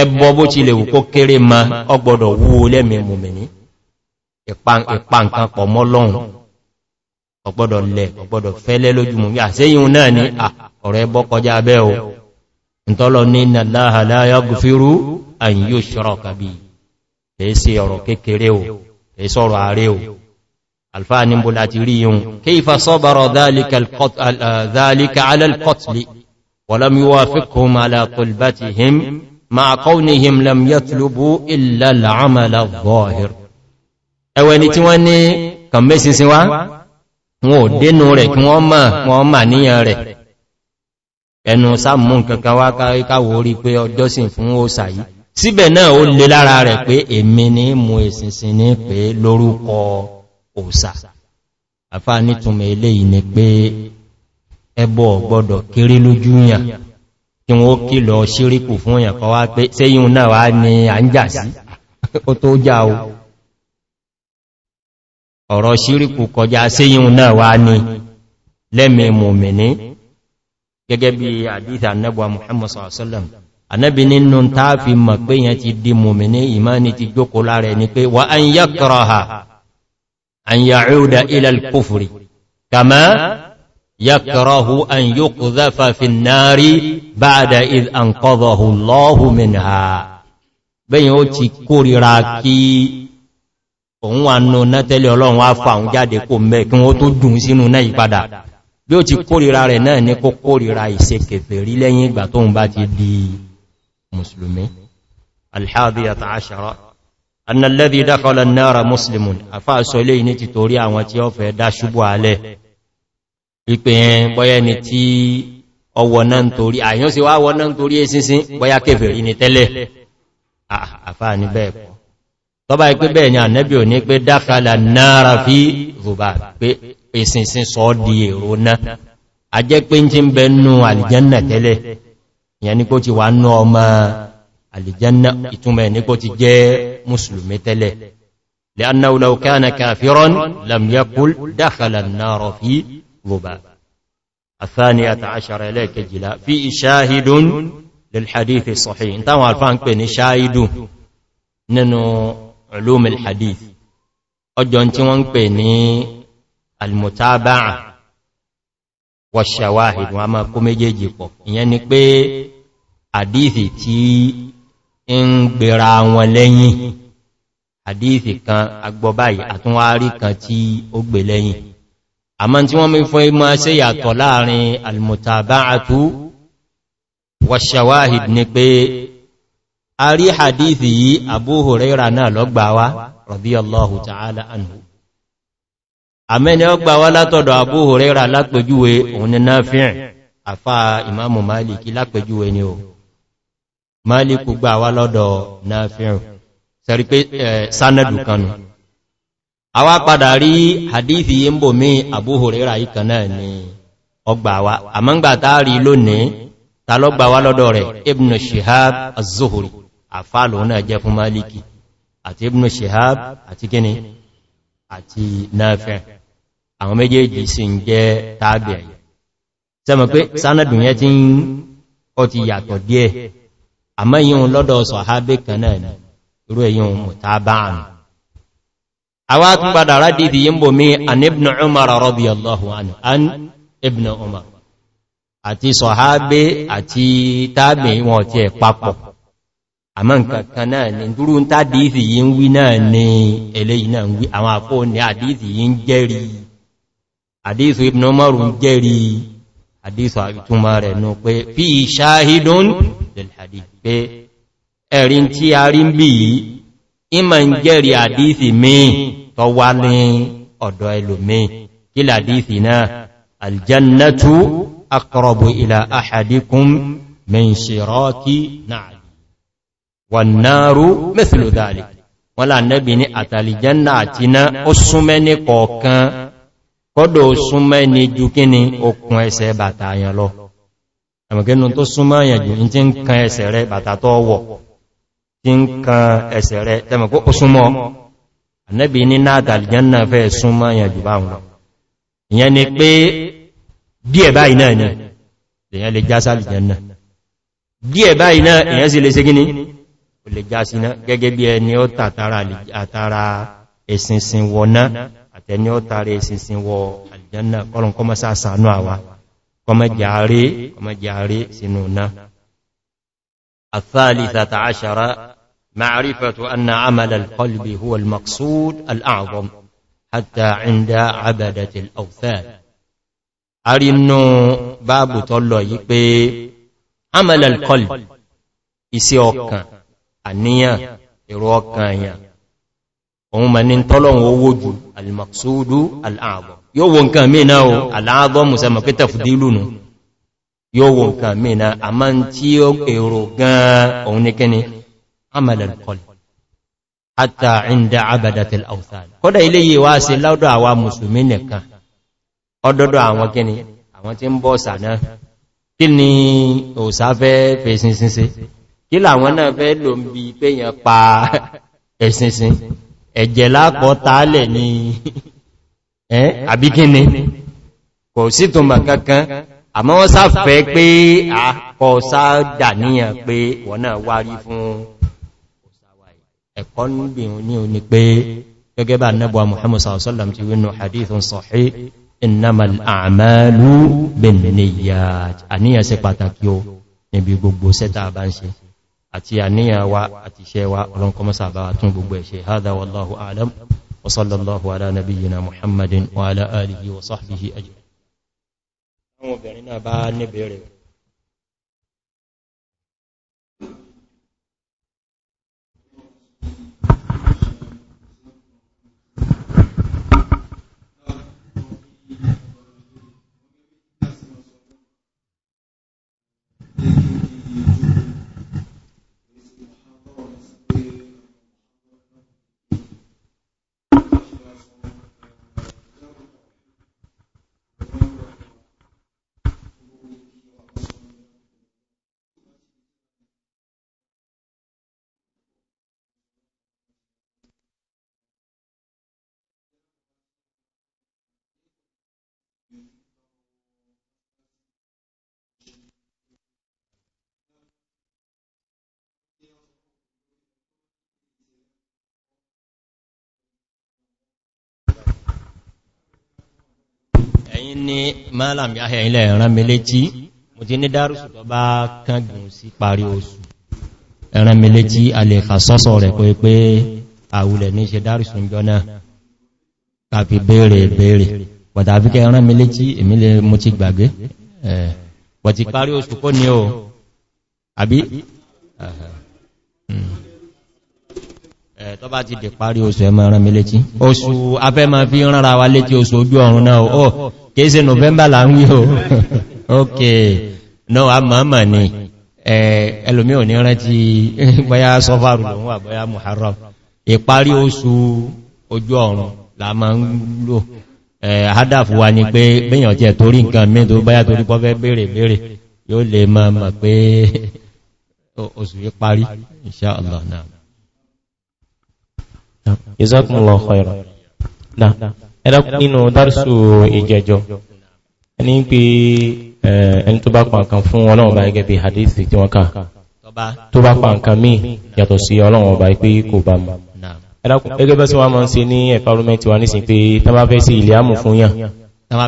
ẹbọ bó ti lè wù kó kéré ma ọgbọ̀dọ̀ wú lẹ́mì mùmìní ìpa nǹkan pọ̀ mọ́ lọ́hun ọgbọ̀dọ̀ lẹ̀ ọgbọ̀dọ̀ fẹ́lẹ́ lójú mú yà sí yíò náà ní ọ̀rọ̀ ẹbọ kọjá abẹ́ o ntọ́lọ ní nàláhàláyà gùfírú àyìn yóò ṣọ́rọ̀ kàbí èé sí ọ̀rọ̀ kékeré مع qawlihim لم يطلبوا إلا العمل الظاهر. adh-dhahir ẹwẹ́ ni tí wọ́n ní kàn mẹ́sinsin wá wọn ò dénú rẹ̀ kí wọ́n mọ̀ wọ́n mà níyàn rẹ̀ ẹnu sáàmù kankan wá káwò rí pé ọjọ́sìn fún òsà yìí síbẹ̀ náà ó lè lára rẹ̀ pé èmi ní mú èsìnsìn ní pé lórúkọ òsà àfáà nítùmẹ̀ eléyìí ni pé ẹbọ gbọ́dọ̀ kéré lójúyàn kí wọ́n kí lọ ṣíríkù fún ẹ̀kọ́ wá pé sẹ́yìn náà wá ní à ń jà sí ó tó já o ọ̀rọ̀ ṣíríkù kọjá sẹ́yìn náà wá ní lẹ́mẹ̀ mọ̀mìnì gẹ́gẹ́ bí àdíta annabuwa muhammad sallam annabi nínú ta fi yakrahu an yuqdhafa fi an-nari ba'da id anqadhahu Allahu minha beyin o ti kórìíra kí òun wà nù náà tẹ́lẹ̀ ọlọ́run wá fà òun jáde kò mẹ́ kí wọ́n tó dùn sínú náà ìpadà bí ó ti kórìíra rẹ̀ náà ní kó kórìíra ìṣe kèfèrí lẹ́yìn ìgbà tó ń bá ti di musulmi alhadiyata ìpè bọ́yá ni tí ọwọ̀ náà torí àyán sí wá wọ́n náà torí ẹsínsín bọ́yá kèfèrí ní tẹ́lẹ̀ ah, àfà ní bẹ́ẹ̀ pọ̀ tọ́bá ipé bẹ́ẹ̀ ni ànẹ́bí ò ní pé dákàlà náà fi rùbà pé ẹsínsín sọ di èrò náà a jẹ́ pé ń ti ń bẹ nú àlìjánà tẹ́lẹ̀ لأنه لو كان كافرا لم يقل دخل النار في ظباء الثانية عشر إليك جلاء في شاهد للحديث الصحيح انت وعرفان كني شاهد ننو علوم الحديث ọjọ́ tí wọ́n ń pè ní almutaba'a wàṣàwáhì wọ́n a máa kó méjèèjì pọ̀ ìyẹn ni pé àdíìsì tí ń gbèrà wọn lẹ́yìn àdíìsì kan agbọ́báyì àtúnwárí kan tí ó gbè lẹ́yìn àmá tí wọ́n mẹ́ fún ẹmọ́ ṣe yàtọ̀ láàrin almutaba'atu wàṣàwáhìd ni pé a rí hadithi yìí Abu Huraira náà lọ́gbàwá radiyallahu ta'ala anhu àmẹ́ni ọgbàwá látọ̀dọ̀ Abu Huraira lápẹjúwe òun ni Nafi' àfá imamu Maliki lápẹjúwe ni o Maliki gbàwá lọ́dọ̀ àwá padà rí hadithi yí ń bò mí àbúhòrírà ìkan náà ni ọgbà wa àmọ́ngbà táàrí lónìí ta lọ́gbà wá lọ́dọ̀ rẹ̀ ibn Shahab az-zuhuri àfáàlò náà jẹ́ fún maliki àti ibn Shahab àti gini àti náàfẹ́ àwọn méjèèjì sì ń jẹ́ tàbí ẹ̀yẹ sẹ́mọ̀ pé sánàdùn yẹ ti ń ọ ti yàtọ̀ díẹ̀ àwá tún padà rádi ti yínbò mí an ibn umar radiyallahu anhu an ibn umar àti sọ̀hábé àti tábì wọn ti ẹ̀ papọ̀ àmọ́ nǹkan náà ni dúró ń tàdíìsì yí ń wí náà ni eléyìí náà ń wí àwọn àpò ní àdíìsì yí ń jẹ́rí àdíìsì ibn umar ń jẹ́rí àdíìsì àtúmà rẹ̀ nù pé fi ṣáhidun pé ẹ̀rin tí a rí ń bí yìí ìmọ̀ ń jẹ́rí àdíìsì mìí tọ́ wá ní ọ̀dọ̀ ẹlòmí kí làdífì náà aljannatu akọrọ̀bù ilà àhàdíkún mẹ́ṣirọ́kí náà wọ̀nnáru mẹ́fìlò dáàlì wọ́n lànẹ́bì ní àtàlìjánà àti iná ó súnmẹ́ ní kọ̀ọ̀kan kọ́dọ̀ ó súnmẹ́ ní ju kí ni okùn ẹsẹ̀ bàtà àyàn lọ ẹ̀mọ̀kínú tó súnmọ́ àyàn jù ní tí ń kan ẹsẹ̀ rẹ bàtà tó wọ̀ tí ń kan ẹsẹ̀ rẹ tẹ́mọ̀kó ó súnmọ́ annabi ní náà aljanna fẹ́ súnmọ́ yẹn jù bá wọn ìyẹn ni pé díẹ̀ báyìí náà ni èyàn lè já sí aljanna díẹ̀ báyìí náà èyàn sì lè ṣe gíní o lè já sí náà gẹ́gẹ́ bí ẹni ó tàtàrà ẹ̀sìnsìn wọ náà àtẹni ó tàrà ẹ̀sìnsìn wọ aljanna kọlùn kọmọ sáàsánú àwà kọmọ jàárẹ́ sínú náà الثالثة عشرة معرفة أن عمل القلب هو المقصود الأعظم حتى عند عبدة الأوثان أرنو باب طلو يقبي عمل القلب إسيوكا النية إروكا òun ma ní tọ́lọ̀wọ̀ owó jù alìmọ̀súdú al'àbọ̀ yóò wo nǹkan mìíná o al'àbọ̀ musamman pé tafdilu nù yóò wo nǹkan mìíná a máa tí èrò gan òun ní kíni عمل القلب حتى عند عبدة الأوثان kódà eléyìí wá sí lọ́dọ̀ àwa mùsùlùmí nìkan ọdọ́dọ̀ àwọn kíni àwọn tí ń bọ́ sànà kí ni òsà fẹ́ fèsìnsìnsìn kí làwọn náà fẹ́ lò ń bí péyàn pa ẹ̀sìnsìn ẹ̀jẹ̀ lápọ̀ tààlẹ̀ ni àbíkíni kò sí tó mà kankan àmọ́ wọ́n sáfẹ́ pé àkọsáà dà níyàn pé wọ́n náà wárí fún ẹ̀kọ́ níbi ní o ni pé gẹ́gẹ́ bá nẹ́bọ̀ Muhammad sallam ti wínú hadithun sahih innamal a'malu binniyat àníyàn ṣe pàtàkì o níbi gbogbo sẹ́ta bá ń ṣe àti àníyàn wa àti iṣẹ́ wa ọlọ́nkọmọ́sà bá tún gbogbo ẹ̀ṣẹ́ hadha wallahu a'lam wa sallallahu ala nabiyyina Muhammadin ní mọ́làmì ahẹ̀ilẹ̀ ìrànmẹ́lẹ́tí mo ti ní dárùsù tó bá kángbùn sí parí oṣù ìrànmẹ́lẹ́tí alẹ́fà sọ́sọ̀ rẹ̀ pé pé àwùlẹ̀ ní ṣe dárùsù ń jọna kàfi béèrè béèrè pàtàkì ìrànmẹ́lẹ́tí èmìlẹ̀ mo ti gbàgbé pọ̀tí parí oṣù kó ní o àbí hmm. tó bá ti dẹ̀ parí oṣù ẹmọ ìrànmẹ́lẹ́tí oṣù afẹ́ ma fi rán ra wa létí oṣù ojú ọ̀run náà kìí ṣe november la ń wí o ok no a mọ̀ọ́mọ̀ ni ẹlòmí ò ní rántí bọ́yá sọfàrù lòun wà bọ́yá muharram ìparí oṣù ojú ọ̀run la ma ń lò hádàfù wa ni pé bíyàn tí ẹ̀ torí nǹkan mí tó báyá torí pọ́fẹ́ bèèrè bèèrè yóò lè máa mọ̀ pé oṣù yí parí inṣáàlá náà ìzọ́kùnlọ́ ọ̀rọ̀ náà nínú dárùsù ìjẹjọ ẹni pé ẹni tó bá pa nǹkan fún ọlọ́run bá gẹ́gẹ́ bí hadithi tí wọ́n ká tó bá pa nǹkan míì yàtọ̀ sí ọlọ́run ọba pé kò bá mọ̀ ẹgbẹ́ bẹ́ sí wọ́n mọ́ sí ní ẹ̀pàrúmẹ́ntì wa nísìn pé tán bá fẹ́ sí ilẹ̀ àmù fún yàn tán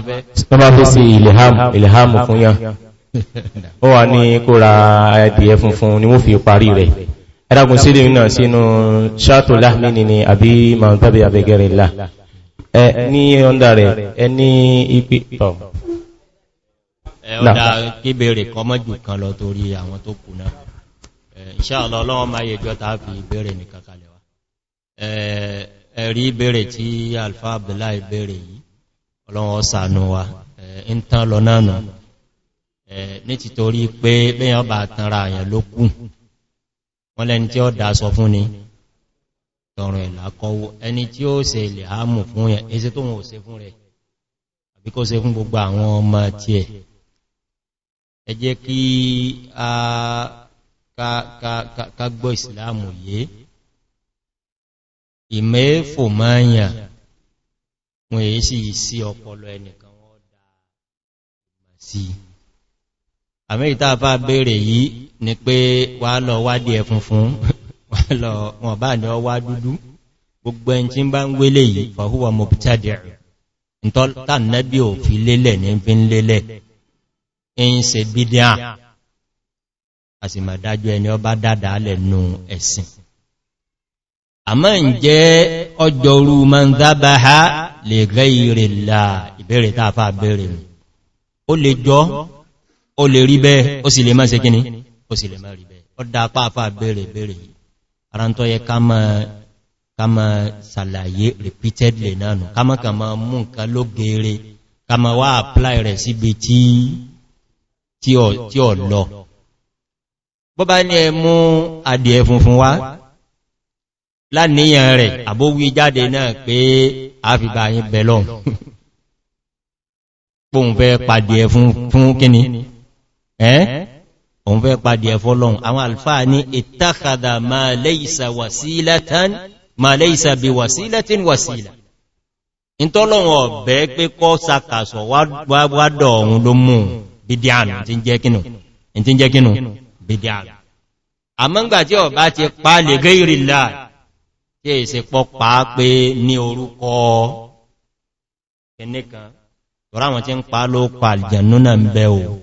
ni ni àbí mount abbey abẹ́gẹ́rẹ́lá ẹ ní ọ́ndà rẹ̀ ẹ ní ipi tọ̀ ẹ̀ọ́dà kébèrè kọmọ́jù kan lọ torí àwọn tó kù náà ìṣàlọ́ ọlọ́wọ́ máa yẹjọ́ tàbí ìbéèrè ní kakalẹ̀ wa ẹ̀rí ìbéèrè tí alfa abdullahi ìbéèrè yìí ọlọ́wọ́ sànú wa ń tán lọ náà nù ní ti torí pé bẹ́yàn bá tanra àyàn ló kù wọ́n lẹ́ni tí tọrọ ìlàkọwò ẹni tí ó se ilẹ̀ àmù fún ẹ̀ ẹsẹ tó wọn se fún rẹ̀ àbí kó se fún gbogbo àwọn ọmọ tí ẹ̀ ẹ jẹ́ kí a ká gbọ́ ìsìláàmù yé ìmẹ́fò máyà wọn èyí sì sí ọpọlọ ẹnìkan wọ́n dá sí àmẹ́ ìtàfà bèèrè yìí ni pé wà lọ wádìí ẹ̀ funfun wọ́n bá ní ọwá dúdú gbogbo ẹn tí ń bá ń wélé yìí fàhúwà mọ̀pítàdìrì tán nẹ́bí ò fi lélẹ̀ ní fi ń lélẹ̀ in se bídíà a sì máa dájú ẹni ọba dáadáa lẹ́nu ẹ̀sìn àmọ́ ń jẹ́ ọjọ́rú manzabaha lè gẹ́ ìrìnlá ìbẹ̀rẹ̀ tààfà bẹ̀rẹ̀ ó lè jọ ó lè rí bẹ́ẹ̀ ó sì lè má se kíní ó sì lè má rí bẹ́ẹ̀ ó dá pàápàá bẹ̀rẹ̀ bẹ̀rẹ̀ yìí ara tó yẹ ká ma sàlàyé repeatedly nánu ká ma kàn ma mú nǹkan ló gẹ̀ẹ́rẹ́ ká ma wá apply rẹ̀ síbi tí ọ lọ bọ́bá ní ẹ mú adìẹ funfun wá láníyàn rẹ̀ àbówí jáde náà pé a fi bá yí bẹ̀lọ́n pòun fẹ́ pàdìẹ fún kíni ẹ́ òun fẹ́ padì ẹ̀fọ́ lọ́un àwọn alfáà ní ìtàkàdà ma lẹ́ìsà bí wàsílẹ́tín wàsílẹ̀ ìtọ́lọ́wọ̀n ọ̀bẹ́ pé kọ́ sàkàsọ̀ wádọ̀ ọ̀hun ló mú bídíànù tí ń jẹ́ kínú bídíànù àmọ́ngbà tí ọ̀bá ti pa lè gẹ́ ìrìnlá tí è sì pọ́ pa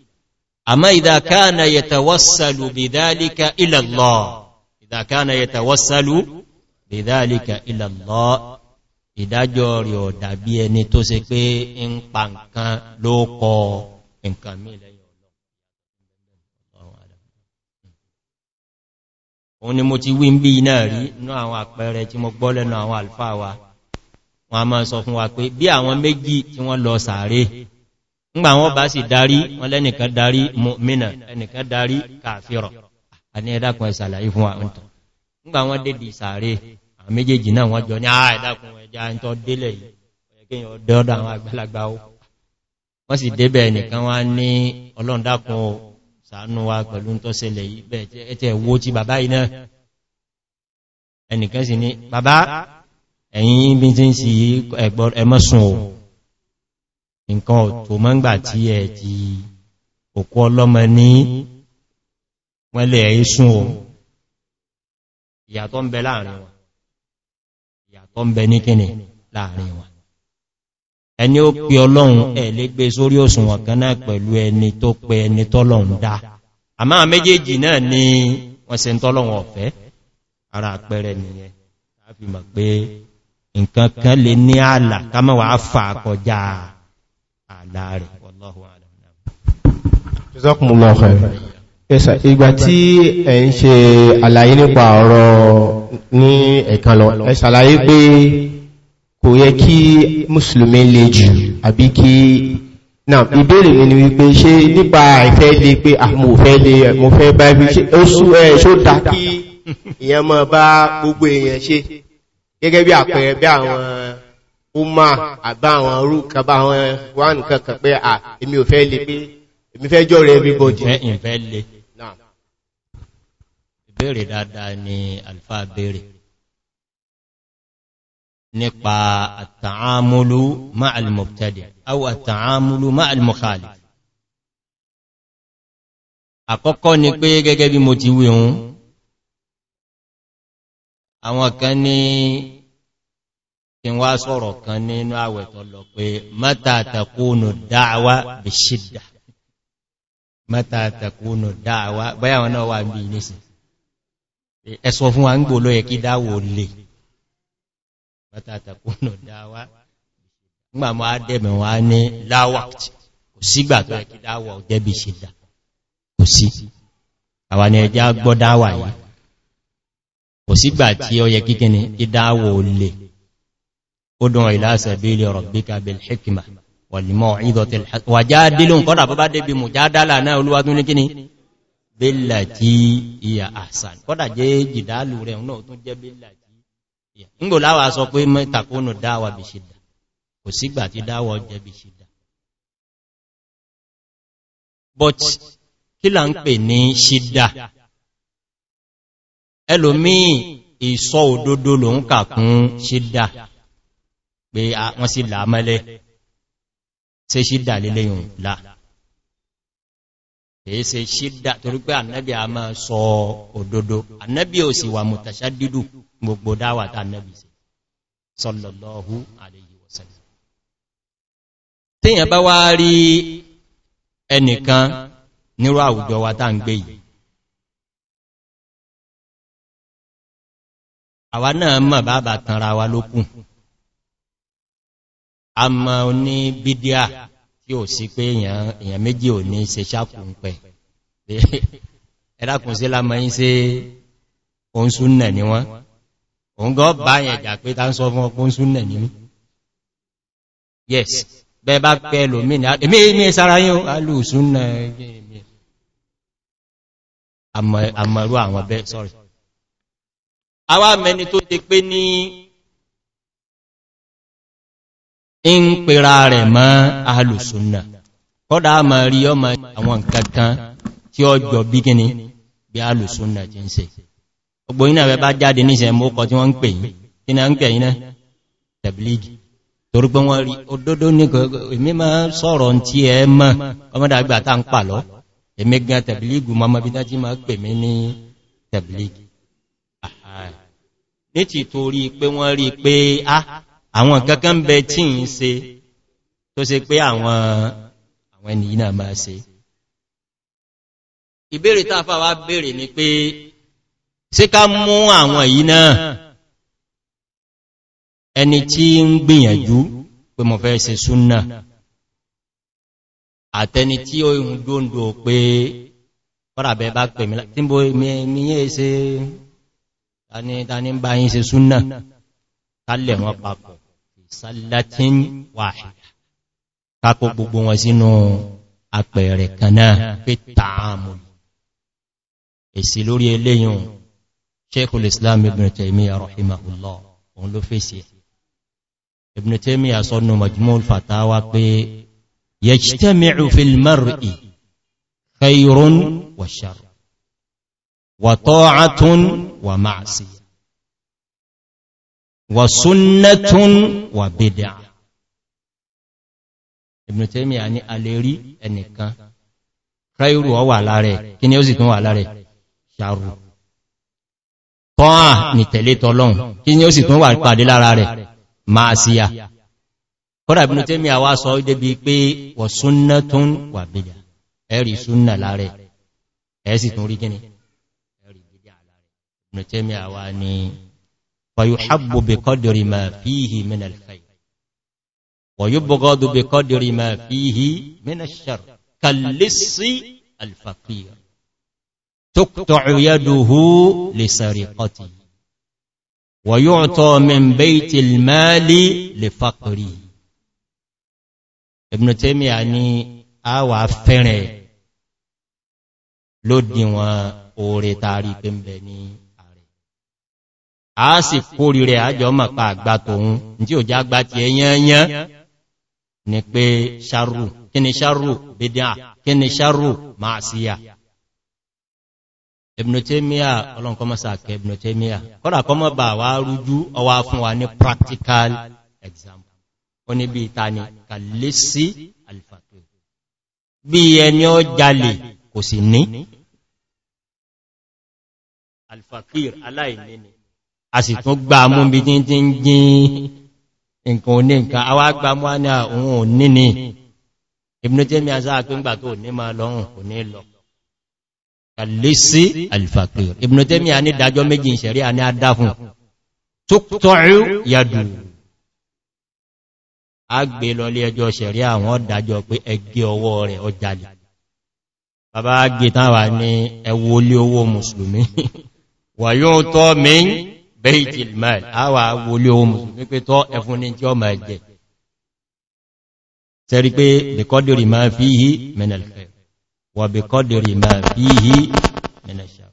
أما إذا كان يتوسل بذلك إلى الله إذا كان يتوسل بذلك إلى الله ìdájọ́ rí ọ̀dà bí ẹni tó se pé ń pa nǹkan ló kọ nǹkan mí lẹ́yìn òun ni mo ti wí ń bí iná rí ní àwọn àpẹẹrẹ tí mo gbọ́ lẹ́nu àwọn àlfáà wa wọ́n a máa sọ fún wa pé bí àwọn méjì tí wọ́n lọ sàárè ńgbà wọn bá sì darí wọn lẹ́nìkan darí mọ́mínà ẹnìkan darí kàfíọ̀ àní ẹ̀dàkùn ẹ̀sàlàyé fún wa ǹtọ̀ ńgbà wọn dédì sàárè àwọn méjèèjì náà wọ́n jọ ní àìdàkùn ẹja ń tọ́ délẹ̀ yìí wa pẹ̀lú tó ṣẹlẹ̀ yìí bẹ̀ẹ̀ ẹ̀tẹ̀ wo ti bàbá iná ẹnìkan sì ẹ̀mọ́sùn ohun nǹkan ọ̀tọ̀ mọ́ngbà tí ẹ ti òkú ọlọ́mọ ní wọ́n lè ẹ̀yí sún o ìyàtọ̀ ń bẹ láàrin wọn ìyàtọ̀ ń bẹ ní kíni láàrin wọn ẹni ó pè ọlọ́run ẹ̀ lé gbé sórí òsùn wọn kan náà pẹ̀lú ẹni tó pẹ ẹni tọ́lọ̀un dá àmá méjèèjì náà ni wọ́n se ń tọ́lọ̀un ọ̀fẹ́ ara àpẹẹrẹ nìyẹn láàfin mọ̀ pé nǹkan kan lè ní ààlà ká mọ́ wàá fà kọjá àlà rẹ̀ wallahu a'lam jazakumullahu khairan ẹ̀sà ìgbà tí ẹ̀ ń ṣe àlàyé nípa ọ̀rọ̀ ní ẹ̀kan lọ ẹ ṣàlàyé pé kò yẹ kí mùsùlùmí le jù àbí kí náà ìbéèrè mi ni wípé ṣe nípa ìfẹ́ lè pé àmòfẹ́ lè mọ̀fẹ́ báyìí ó sú ẹ̀ ṣó dá kí ìyẹn mọ́ bá gbogbo èèyàn ṣe gẹ́gẹ́ bí àpẹẹrẹ bí àwọn ọmọ àbá àwọn orú kaba àwọn wà nǹkan kan pé à èmi ò fẹ́ lè pé èmi fẹ́ jọ rẹ̀ everybody ẹ̀yìn fẹ́ lè ìbéèrè dáadáa ni alfa béèrè nípa àtàámúlú ma'al mubtadi aw àtàámúlú ma'al mukhalif àkọ́kọ́ ni pé gẹ́gẹ́ bí mo ti wí hun àwọn kan ni kí wá sọ̀rọ̀ kan nínú àwẹ̀ tó lọ pé mata takunu da'wa bi shidda mata takunu da'wa báyà wọn náà wà bí nìsìn ẹsọ fún wa ń gbò lóyẹ kí dáwò lè mata takunu da'wa adẹ́mẹ̀ wá ní láwàtí kò sígbà tó yẹ kí dáwò ud'u ila sabili rabbika bil hikma wal maw'izatil hasana wajadilhum kọ́dà bọ́bá débi mùjádálà náà olúwa tún ní kíni billati hiya ahsan kọ́dà jẹ́ jìdálù rẹ̀ náà tún jẹ́ billati hiya ńgbò láwà sọ pé mẹ́takónù dáwà bí jẹ́ bí ṣìdà but ìsọ òdodo lòun kà kún pé ah, wọ́n sí là mẹ́lẹ́ ṣe ṣídà lélẹ́yìn là èé ṣe ṣídà torí pé annabi a máa sọ òdodo annabi ò sì wà mọ̀tàṣá dídù gbogbo dáwàtà annabi sallallahu alayhi wasallam tíyàn bá wá rí ẹnìkan nírò àwùjọ wa tá ń gbé yìí àwa náà mọ̀ bá bàtànra wa lókùn a ma ní bídíà tí ò sí pé èyàn méjì ò ní ṣe ṣákù ń pẹ̀ ẹ̀dàkùn sí lámọ́ yí sí oun súnnà ní wọ́n òun gọ́ bá yẹn jà pé ta ń sọ fún ọpọ̀ súnnà yes bẹ bá pẹ́ lómi ní àmì ní sára yíò alù súnnà àmọ̀rú àwọn bẹ́ sọ́rọ̀ àwọn mẹni tó in pera rẹ̀ mọ́ alùsùnà kọ́dá ma rí ọmọ àwọn nǹkankan tí ó jọ bí gíní bí alùsùnà jí ń se ọgbò iná rẹ̀ bá jáde ní ìsẹ̀mọ́ ọkọ̀ tí wọ́n ń pè yìí kí na ń pè yìí náà tẹ̀blígì torí pé wọ́n rí òdòdó ní èmi máa sọ̀rọ̀ tí ẹ mọ́ ọmọdàgbà tá ń pàlọ́ èmi gan tẹ̀blígì mọ́ ọmọbí tá tí ti torí pé wọ́n rí pé ah àwọn kankan bẹ tí ń se tó se pé àwọn ẹni iná máa se ìbéèrè tàfà wá béèrè ni pé sí ká mú àwọn yìí náà ẹni tí ń gbìyànjú pé mọ̀ fẹ́ se súnnà àtẹni tí ó ihun dóndó pé fọ́rabẹ̀ bá pè mílá tí bó mi se tani ń bá yí se súnnà kálẹ̀ wọn papọ̀ sallatin wahida kápò gbogbo wọn sínú àpẹẹrẹ kanáà pé tààmù èsì lórí eléyìn sheikul islam ibn taimiyya rahimahullah òun ló fèsì ibn taimiyya sọ́nà majmul fatawa pé yajtami'u fil mar'i khairun wa shar wa ta'atun wa ma'siyah wà súnnẹ́tún wà bèdà ìbìnú tẹ́mì à ní alérí ẹnìkan ráìrù ọwà lárẹ̀ kí ni ó sì tún wà lárẹ̀ ṣàrù tọ́à ní tẹ̀lé tọ́lọ́un kí ni ó sì tún wà pàdé lára rẹ̀ máa síyà kọ́dà ìbìnú tẹ́mì à wá sọ débi pé wà súnnẹ́tún wà bèdà ẹ̀rì súnnà lárẹ̀ ẹ̀ sì tún rí kíni ẹ̀rì bèdà lárẹ̀ ìbìnú tẹ́mì à wá فيحب بقدر ما فيه من الخير ويبغض بقدر ما فيه من الشر كاللص الفقير تقطع يده لسرقته ويعطى من بيت المال لفقره ابن تيمية يعني أو wà fẹ́rẹ̀ lódíwọn oore tààrí pé بني a sì kórí rẹ̀ àjọ mọ̀pá àgbà tòun tí ò já gbá ti ẹyẹnyẹn ni pé ṣarú kí ni ṣarú bídá kí ni ṣarú máa síyà ibnotemia ọlọ́nkọmọ́sàkẹ́ ibnotemia kọ́lá kọmọ́ bà wá rújú ọwá fún wa ní practical example ó ni kàlẹ́sí alifàtò bí ẹni ọ jalè kò sì ní alfakir aláìní ni a sì tún gba mú bí tí tí ń jín nǹkan oní nǹkan a wá gba mú ní àwọn òní ní ibùdó tí mi a sáà pín gbà tó ní ma lọ́rùn kò ní lọ kàlẹ́sí alfàkì ibùdó tí mi a ní dájọ́ méjì ìṣẹ̀rí a ní adáfún tó tọ́rù yàdù a bẹ́ẹ̀tì ìmáàlì àwà wòlé ohun mùsùlùmí pé tọ́ ẹfún ní tí ó máa jẹ tẹ́rí pé bẹ̀kọ́dìrì máa fi hí mẹ́nàlẹ̀ wà bẹ̀kọ́dìrì máa fi hí mẹ́nàṣà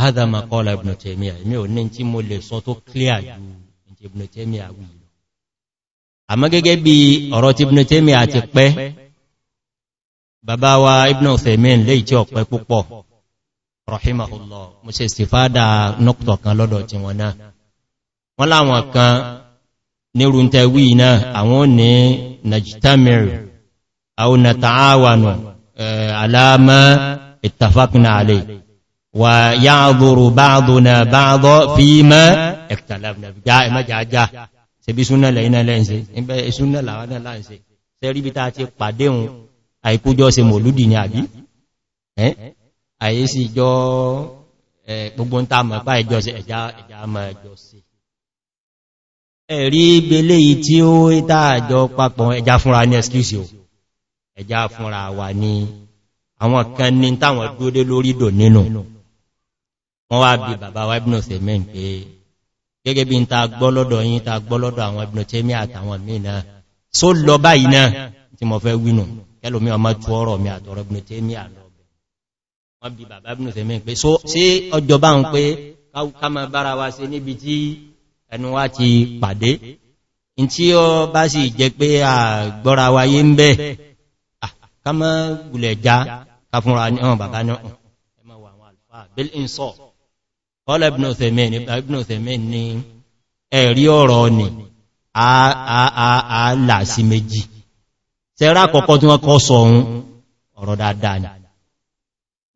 hádà ma kọ́lá ibn tẹ́míà èmi ò wa ibn tẹ́míà lè tí rahimahullah mo ṣe istifada nọ́pùtọ̀ kan lọ́dọ̀ tí wọn náà wọ́n láwọn kan nírú tẹwí náà àwọn ní najtamir àwọn nata'awanu eh, alama ittafaqna alay wa ya'dhuru ba'duna ba'dha fima ikhtalafna ja ma ja ja ṣe bí sunna le ina le nse nbe sunna la wa la nse ṣe rí bí ta ti pàdé un àìkójọ ṣe mọ̀lúdì ni àbí eh àyè sí ìjọ gbogbo ń ta mọ̀ bá ìjọ sí ẹ̀já àmà ìjọ sí ẹ̀rí belé yìí tí ó ìta àjọ papọ̀ ẹja fúnra ní excuse o ẹja fúnra wà ní àwọn kan ní táwọn dúdé lórí dò nínú wọ́n wá bí bàbá wa ibùn sẹ̀mẹ́n pé gẹ́gẹ́ bí n ta gbọ́lọ́dọ̀ yìí ta gbọ́lọ́dọ̀ àwọn ibùn tẹ́mí àtàwọn mìíràn só lọ báyìí náà tí mo fẹ́ wínú kẹ́lòmí ọmọ tó ọ̀rọ̀ mi àtọ̀rọ̀ ibùn tẹ́mí àlọ́ wọ́n bí bàbá bí nùfẹ̀mí pé so sí ọjọ́ bá ń pé káàmà bára wa sí níbi tí ẹnu wá ti pàdé in tí ó bá sì jẹ pé àgbọ́ra wa yé ń bẹ́ káàmà gùlẹ̀ já káfúnra ní ọ̀n bàbá náà ẹmọ àlùfáà bí nùfẹ̀mí ni ẹ̀rí ọ̀rọ̀ ni a là sí méjì tẹ́rà kọ̀kọ́ tí sọ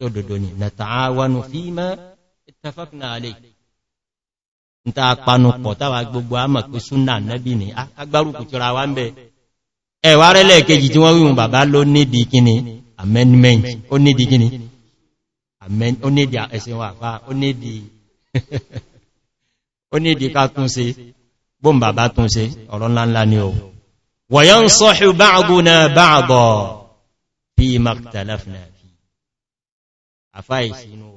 òdòdó ni na ta'awanu fima ittafaqna ń ta panupọ̀ táwà gbogbo a mọ̀ pé súnà nẹ́bì ní agbárùkù tíra wá ń bẹ ẹwà rẹ̀lẹ̀ kejì tí wọ́n wíhun bàbá ló nídi kíni amendment ó nídi kíni ó nídi ẹ̀sìn wà fà ó nídi ká tún ṣe àfá ìsinú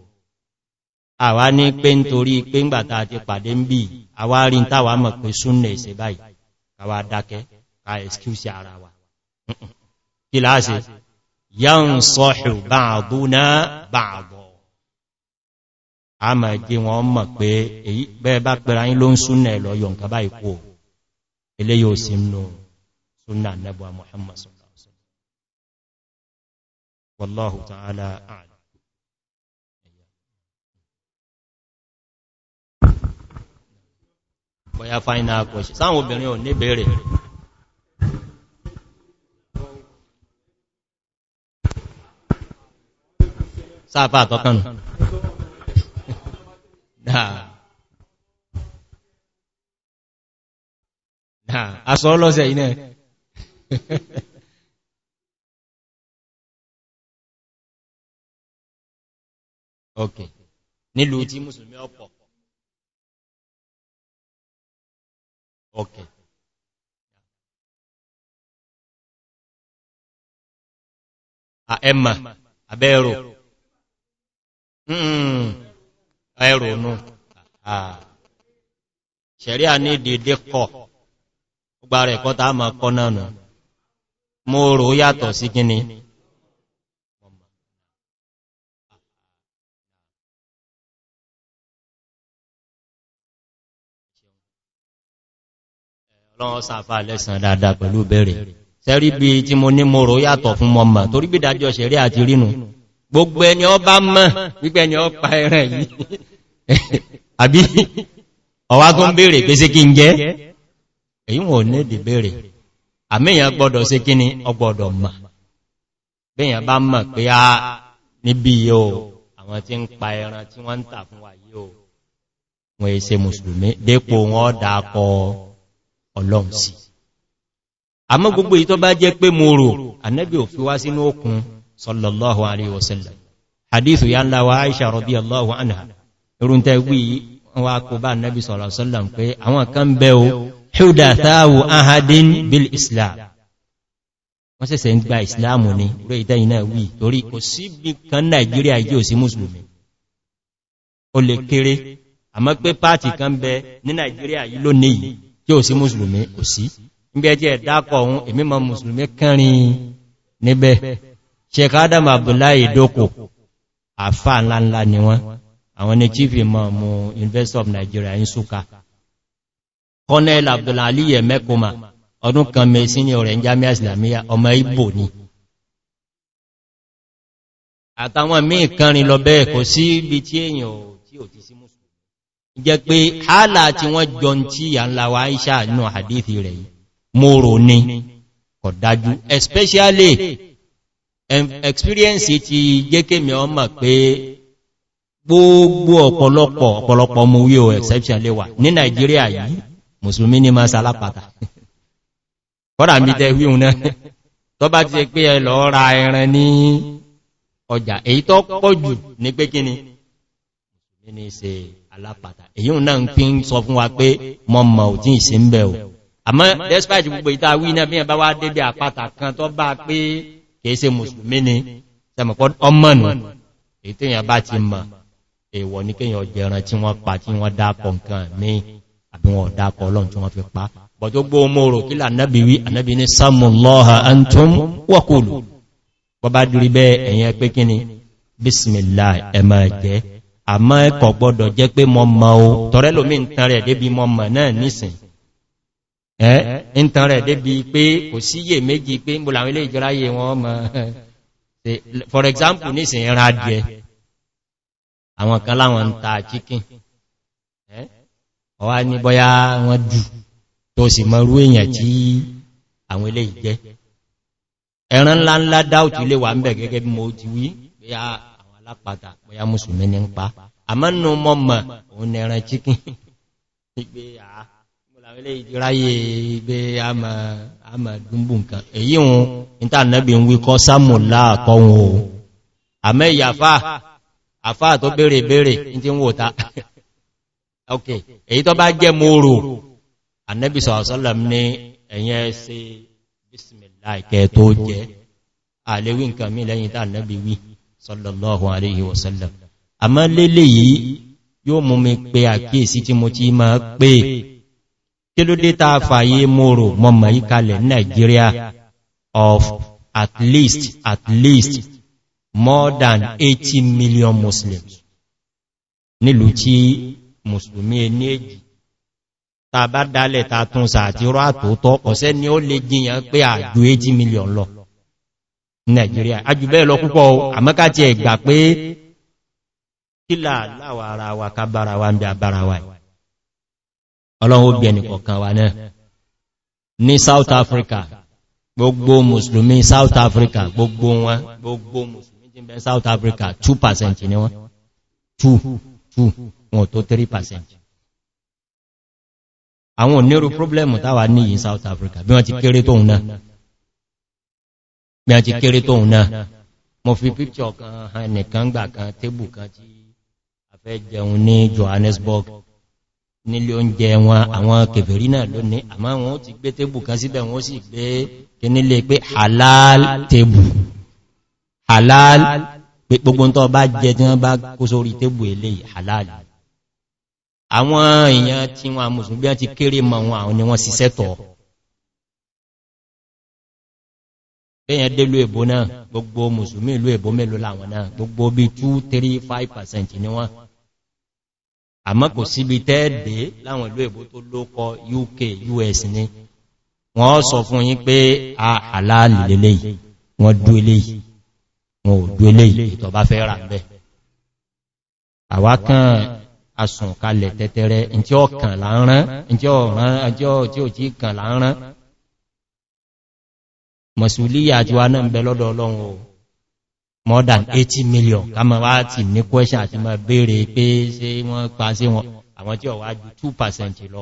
àwá ní pé ń torí pé ń gbàtà àti pàdé ń bí àwá rí ń táwà mọ̀ pé súnnà ìsẹ̀ báyìí káwà dákẹ́ ká ẹ̀skúsì ara wa kí láàṣẹ yà ń sọ́ṣù báàbú náà báàbọ̀ a mọ̀ bá pẹ̀rẹ̀ ayín ló bọ̀yá final question sáwọn obìnrin ò ní bèèrè sáàpá àtọ́kànnù dáa aṣọ ọlọ́sẹ̀ iná ok nílùú tí mùsùlùmí ọ̀pọ̀ A Emma, abeero Hmm, ẹ̀rò nù. Ṣẹ̀rí à ní dìde kọ̀. Gbogbo rẹ̀ kọ́ta máa kọ́ náà nù. Mo rò yàtọ̀ sí ọlọ́run sàfà lẹ́sàn dáadáa pẹ̀lú bẹ̀rẹ̀ sẹ́rí bí tí mo ní mo rò yàtọ̀ fún mọ́mà torí bí dájọ́ ṣẹ̀rí àti rínú gbogbo ẹni ọ bá mọ́ wípẹ́ ni ọ pa ẹran yìí àbí ọwá tó ń bèèrè pé sí kí ń jẹ́ èyí wọn ò ní èdè bèèrè àmìyàn gbọ́dọ̀ sí kí ni ọgbọ̀dọ̀ mà bèèyàn bá mọ̀ pé a níbi o àwọn tí ń pa ẹran tí wọ́n ń tà fún wa yìí wọ́n èsẹ mùsùlùmí dépò wọn dákọ̀ọ́ ọlọ́run sí àmọ́ gbogbo ìtọ́ bá jẹ́ pé mo rò annabi ò fi wá sínú okun sallallahu alaihi wasallam hadithu ya ńlá wa aisha rọ̀bí allahu anha irun tẹ́ wí wa kò bá annabi sallallahu alaihi wasallam pé àwọn kan bẹ́ o hudathawu ahadin bil islam wọ́n sẹ́sẹ̀ ń gba ìsìláàmù ni tí ó sí mùsùlùmí ò sí nígbẹ́jẹ́ ìdápọ̀ ohun èmìmọ̀ mùsùlùmí kẹrin níbẹ̀ sheik adam abdullahi idoko àfà ńláńlá ni wọ́n àwọn ni chief imam investor of nigeria ń súka colonel abdullahi mẹ́kùnmá ọdún kan mẹ́ sí ní ọ̀rẹ́ jami'a islamiyya ọmọ ibo ni àtàwọn míì kẹrin lọ bẹ́ẹ̀ kò sí ibi tí èèyàn tí ò ti sí mú jẹ́ pé hálà tí wọ́n jọ tí yà ń láwà iṣà inú àdíthì rẹ̀ mòrò ní kọ̀dájú especially experience ti jẹ́kẹ́mì ọmọ pé gbogbo ọ̀pọ̀lọpọ̀ ọ̀pọ̀lọpọ̀ mú wíò exception lè wà ní nigeria yìí musulmi ní máa sálápàtà kọ́dà mi tẹ́ wíhun náà tọ́ bá ti ṣe pé ẹ ra ẹran ní ọjà èyí tọ́ pọ̀jù ní pé kíni ní ṣe alápàtà èyí náà ń pín sọ fún wa pé mọ́ mọ̀ ò tí ìsìn bẹ̀ ò àmọ́ despite gbogbo ìta wí náà bí ẹbá wá dédé àpáta kan tó bá pé kèése musulmi ni sẹmọ̀pọ̀ ọmọnù ètèyàn bá ti mọ̀ èèwọ̀ ní kéyàn jẹran tí wọ́n pa tí wọ́n dápọ̀ nǹkan ní àbí wọn dápọ̀ bismillah ẹ̀mà àmọ́ ẹkọ̀ gbọdọ̀ jẹ́ pé mọ mọ́ o tọ́rẹ́ lómi ń tan rẹ̀ débi mọ mọ̀ náà nìsìn ẹ́ ń tan rẹ̀ débi pé kò síyè méjì pé ń bùlà ilé ìjọráyé wọn mọ̀ for example nìsìn ra díẹ̀ àwọn kan láwọn ń ta chicken ọwá ní bọ́yá wọn dù tó sì mọ rú èèyàn tí àwọn ilé ìjẹ́ ẹran ńláńlá dáùtù ilé wà ń bẹ̀ gẹ́gẹ́ bí mo ti wí alápàdà bóyá mùsùlùmí ní ń pa àmánú mọ́mọ̀ òun nẹran chicken ìgbé àmúlàwílé ìdíráyé ìgbé àmà dúnbù nǹkan èyí hun níta nẹ́bí ń wíkọ́ sámùlá àkọhun o àmẹ́ ìyàfà àfà tó bèèrè bèèrè tí ń wòta ok èyí tó bá jẹ́ mòrò ànẹ́bí sọ̀rọ̀sọ́lọ̀m ní ẹ̀yẹn sí bísmìlá ìkẹ́ tó àlewí nǹkan mí lẹ́yìn tá ànẹ́bí wí sallallahu alaihi wasallam àmọ́ lélẹ̀ yìí yóò mú mi pé àkíyèsí tí mo ti máa pé kí ló dé ta fàyé mòrò mọ̀mọ̀ ìkalẹ̀ Nigeria of at least at least more than 80 million Muslims nílùú tí Muslimi ní èjì ta bá dálẹ̀ ta tún sàtírọ́ àtòótọ́ ọ̀sẹ́ ni ó lè jiyàn pé àjò 80 million lọ nàìjíríà ajùbẹ́ lọ púpọ̀ àmọ́kàtí ẹ̀gbà pé kílà láwà ara wa ká bára wa ń bí àbára wa ọlọ́run obì ẹnìkọ̀kan wa náà ní south africa gbogbo musulmi south africa gbogbo wọn gbogbo musulmi south africa 2% ni wọn 2 2 wọn tó 3% àwọn onírú problem táwà ní south africa bí wọ́n ti kéré tóun náà bí a ti kéré tóhun náà mo fi pípṣọ̀ kan ẹnìkan gbà kan tébù kan tí a fẹ́ jẹun ní Johannesburg nílé oúnjẹ wọn àwọn kèfèrí náà lónìí àmá wọn ó ti gbé tébù kan síbẹ̀ wọn ó sì gbé kínílé pé halal tébù halal pé gbogbo tó bá jẹ tí wọ́n bá kó sórí tébù eléyìí halal àwọn èèyàn tí wọn àmùsùn bí wọ́n ti kéré mọ́ wọn àwọn ni wọ́n sì sẹ́tọ̀ọ́ bẹ́yàn délú èbó náà gbogbo mùsùlùmí ìlú èbó mélòó láwọn náà gbogbo bí 2-3-5% ni wọ́n àmọ́ kò síbi tẹ́ẹ̀dẹ̀ láwọn ìlú èbó tó lókọ uk us ni wọ́n sọ fún yí pé a àláàlì lélẹ̀ wọ́n dú eléyìí wọn ò dú eléyìí ìtọ̀ bá fẹ́ rà bẹ́ àwákan asùnkalẹ̀ tẹ́tẹ́rẹ ìjọ́ kan láàrán mọ̀sùlíyà àti wa náà ń bẹ lọ́dọ̀ ọlọ́run o more than 80 million kama wá ti ní question àti ma béèrè pé ṣe wọ́n pa sí wọn àwọn tí ọ̀wá ju 2% lọ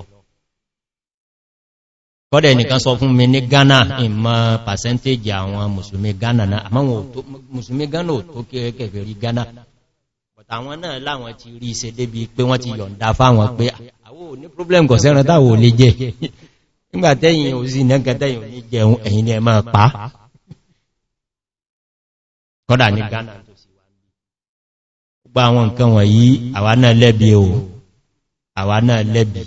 kọ́dẹ̀ nìkan sọ fún mi ní ghana ìmọ̀ percentage àwọn musulmi ghana náà àmọ́ wọn musulmi ghana ò tó kẹ́kẹ̀ẹ́ rí ghana but àwọn náà láwọn ti rí ìṣẹ́débí pé wọ́n ti yọ̀ǹda fáwọn pé àwọ́ ní problem kọ̀ sẹ́rẹ̀ táwọ̀ lè jẹ́ nígbàtẹ́yìn òsì nẹ́gàtẹ́yìn òní jẹun ẹ̀yìn ẹ máa pa kọ́dà ní ghana tó sì wà ní gbogbo àwọn nǹkan wọ̀nyí àwà náà lẹ́bi o àwà náà lẹ́bi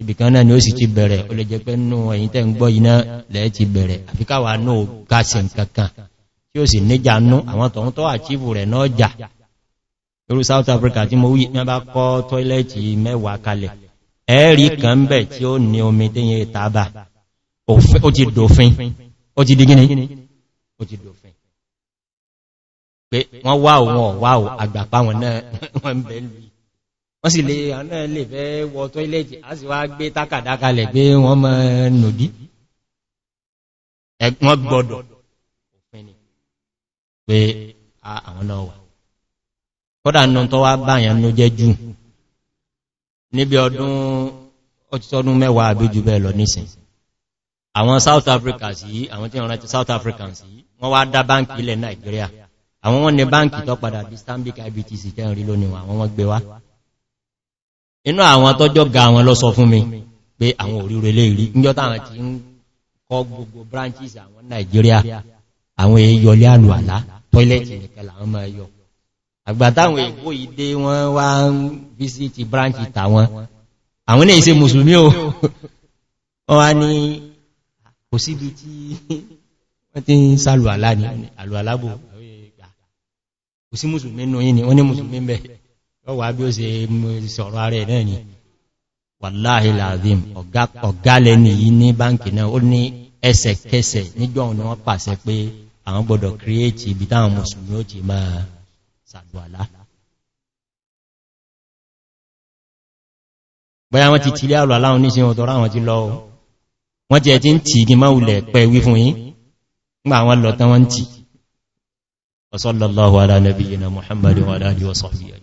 ibìkan náà ni ó sì ti bẹ̀rẹ̀ ó lè jẹ́ pé nínú ẹ̀yìn tẹ́ ń gbọ́ iná lẹ́ ti bẹ̀rẹ̀ àfikáwà náà gáṣẹ̀ kankan tí ó sì níjà nú ẹ̀ẹ́rí kan bẹ̀ tí ó ní omi tíyẹ ìtàbà ó ti dòfin ó ti dígíní ó ti dòfin pé wọ́n wá òun ọ̀wá ò àgbàpá wọn náà wọ́n bẹ̀ lù wọ́n sì lè àná lè fẹ́ wọ tó ilé jì á sì wá gbé tákàdákalẹ̀ pé wọ́n mọ́ nùdí ẹ̀gbọ́n gbọ́dọ̀ pé àwọn náà wà kọ́dà náà tó báyàn ló jẹ́ jù níbi ọdún ọtítọ́dún mẹ́wàá àbíjù bẹ́ẹ̀ lọ nísìn àwọn South Africa sí àwọn tí wọ́n rántí South African sí wọ́n wá dá báǹkì ilẹ̀ Nigeria àwọn wọ́n ní báǹkì tó padà bí Stanbic IBTC tẹ́rin rí lónìí àwọn wọ́n gbé wá inú àwọn tọ́jọ́ ga àwọn lọ sọ fún mi pé branches àwọn Nigeria àwọn èyí yọlé àlùàlá tọ́ilẹ̀tì nìkẹ́lá àwọn máa àgbàtàwọn èkó ìdé wọn wá ń físítì bráńkì tàwọn àwọn ní ìse musulmi o wọ́n wá ní kò síbi tí wọ́n ti ń sálù àlá ní àlù alábò kò sí musulmi nù yí ni wọ́n ní musulmi mẹ́ wọ́n wá bí ó se sọ̀rọ̀ ààrẹ náà ni wàláhì láàzim ọ̀gálẹ̀ ni yí ní báńkì náà ó ní ẹsẹ̀kẹsẹ̀ níjọ́ àwọn pàṣẹ pé àwọn gbọ́dọ̀ kírẹ́ẹ̀tì ibi táwọn musulmi ó ti máa sàlùwàlá bọ́yá wọ́n ti tílé àrùn aláwọn níṣẹ́ wọn tọ́rọ àwọn ti lọ wọ́n jẹ́ tí ń tì ní máa wùlẹ̀ pẹ̀ wí fún yín nígbà àwọn lọ tán wọ́n tì ọ̀sọ́lọ́lọ́wọ́ alánàbí yìí na muhammadu aláàdíwọ̀sọ́fíà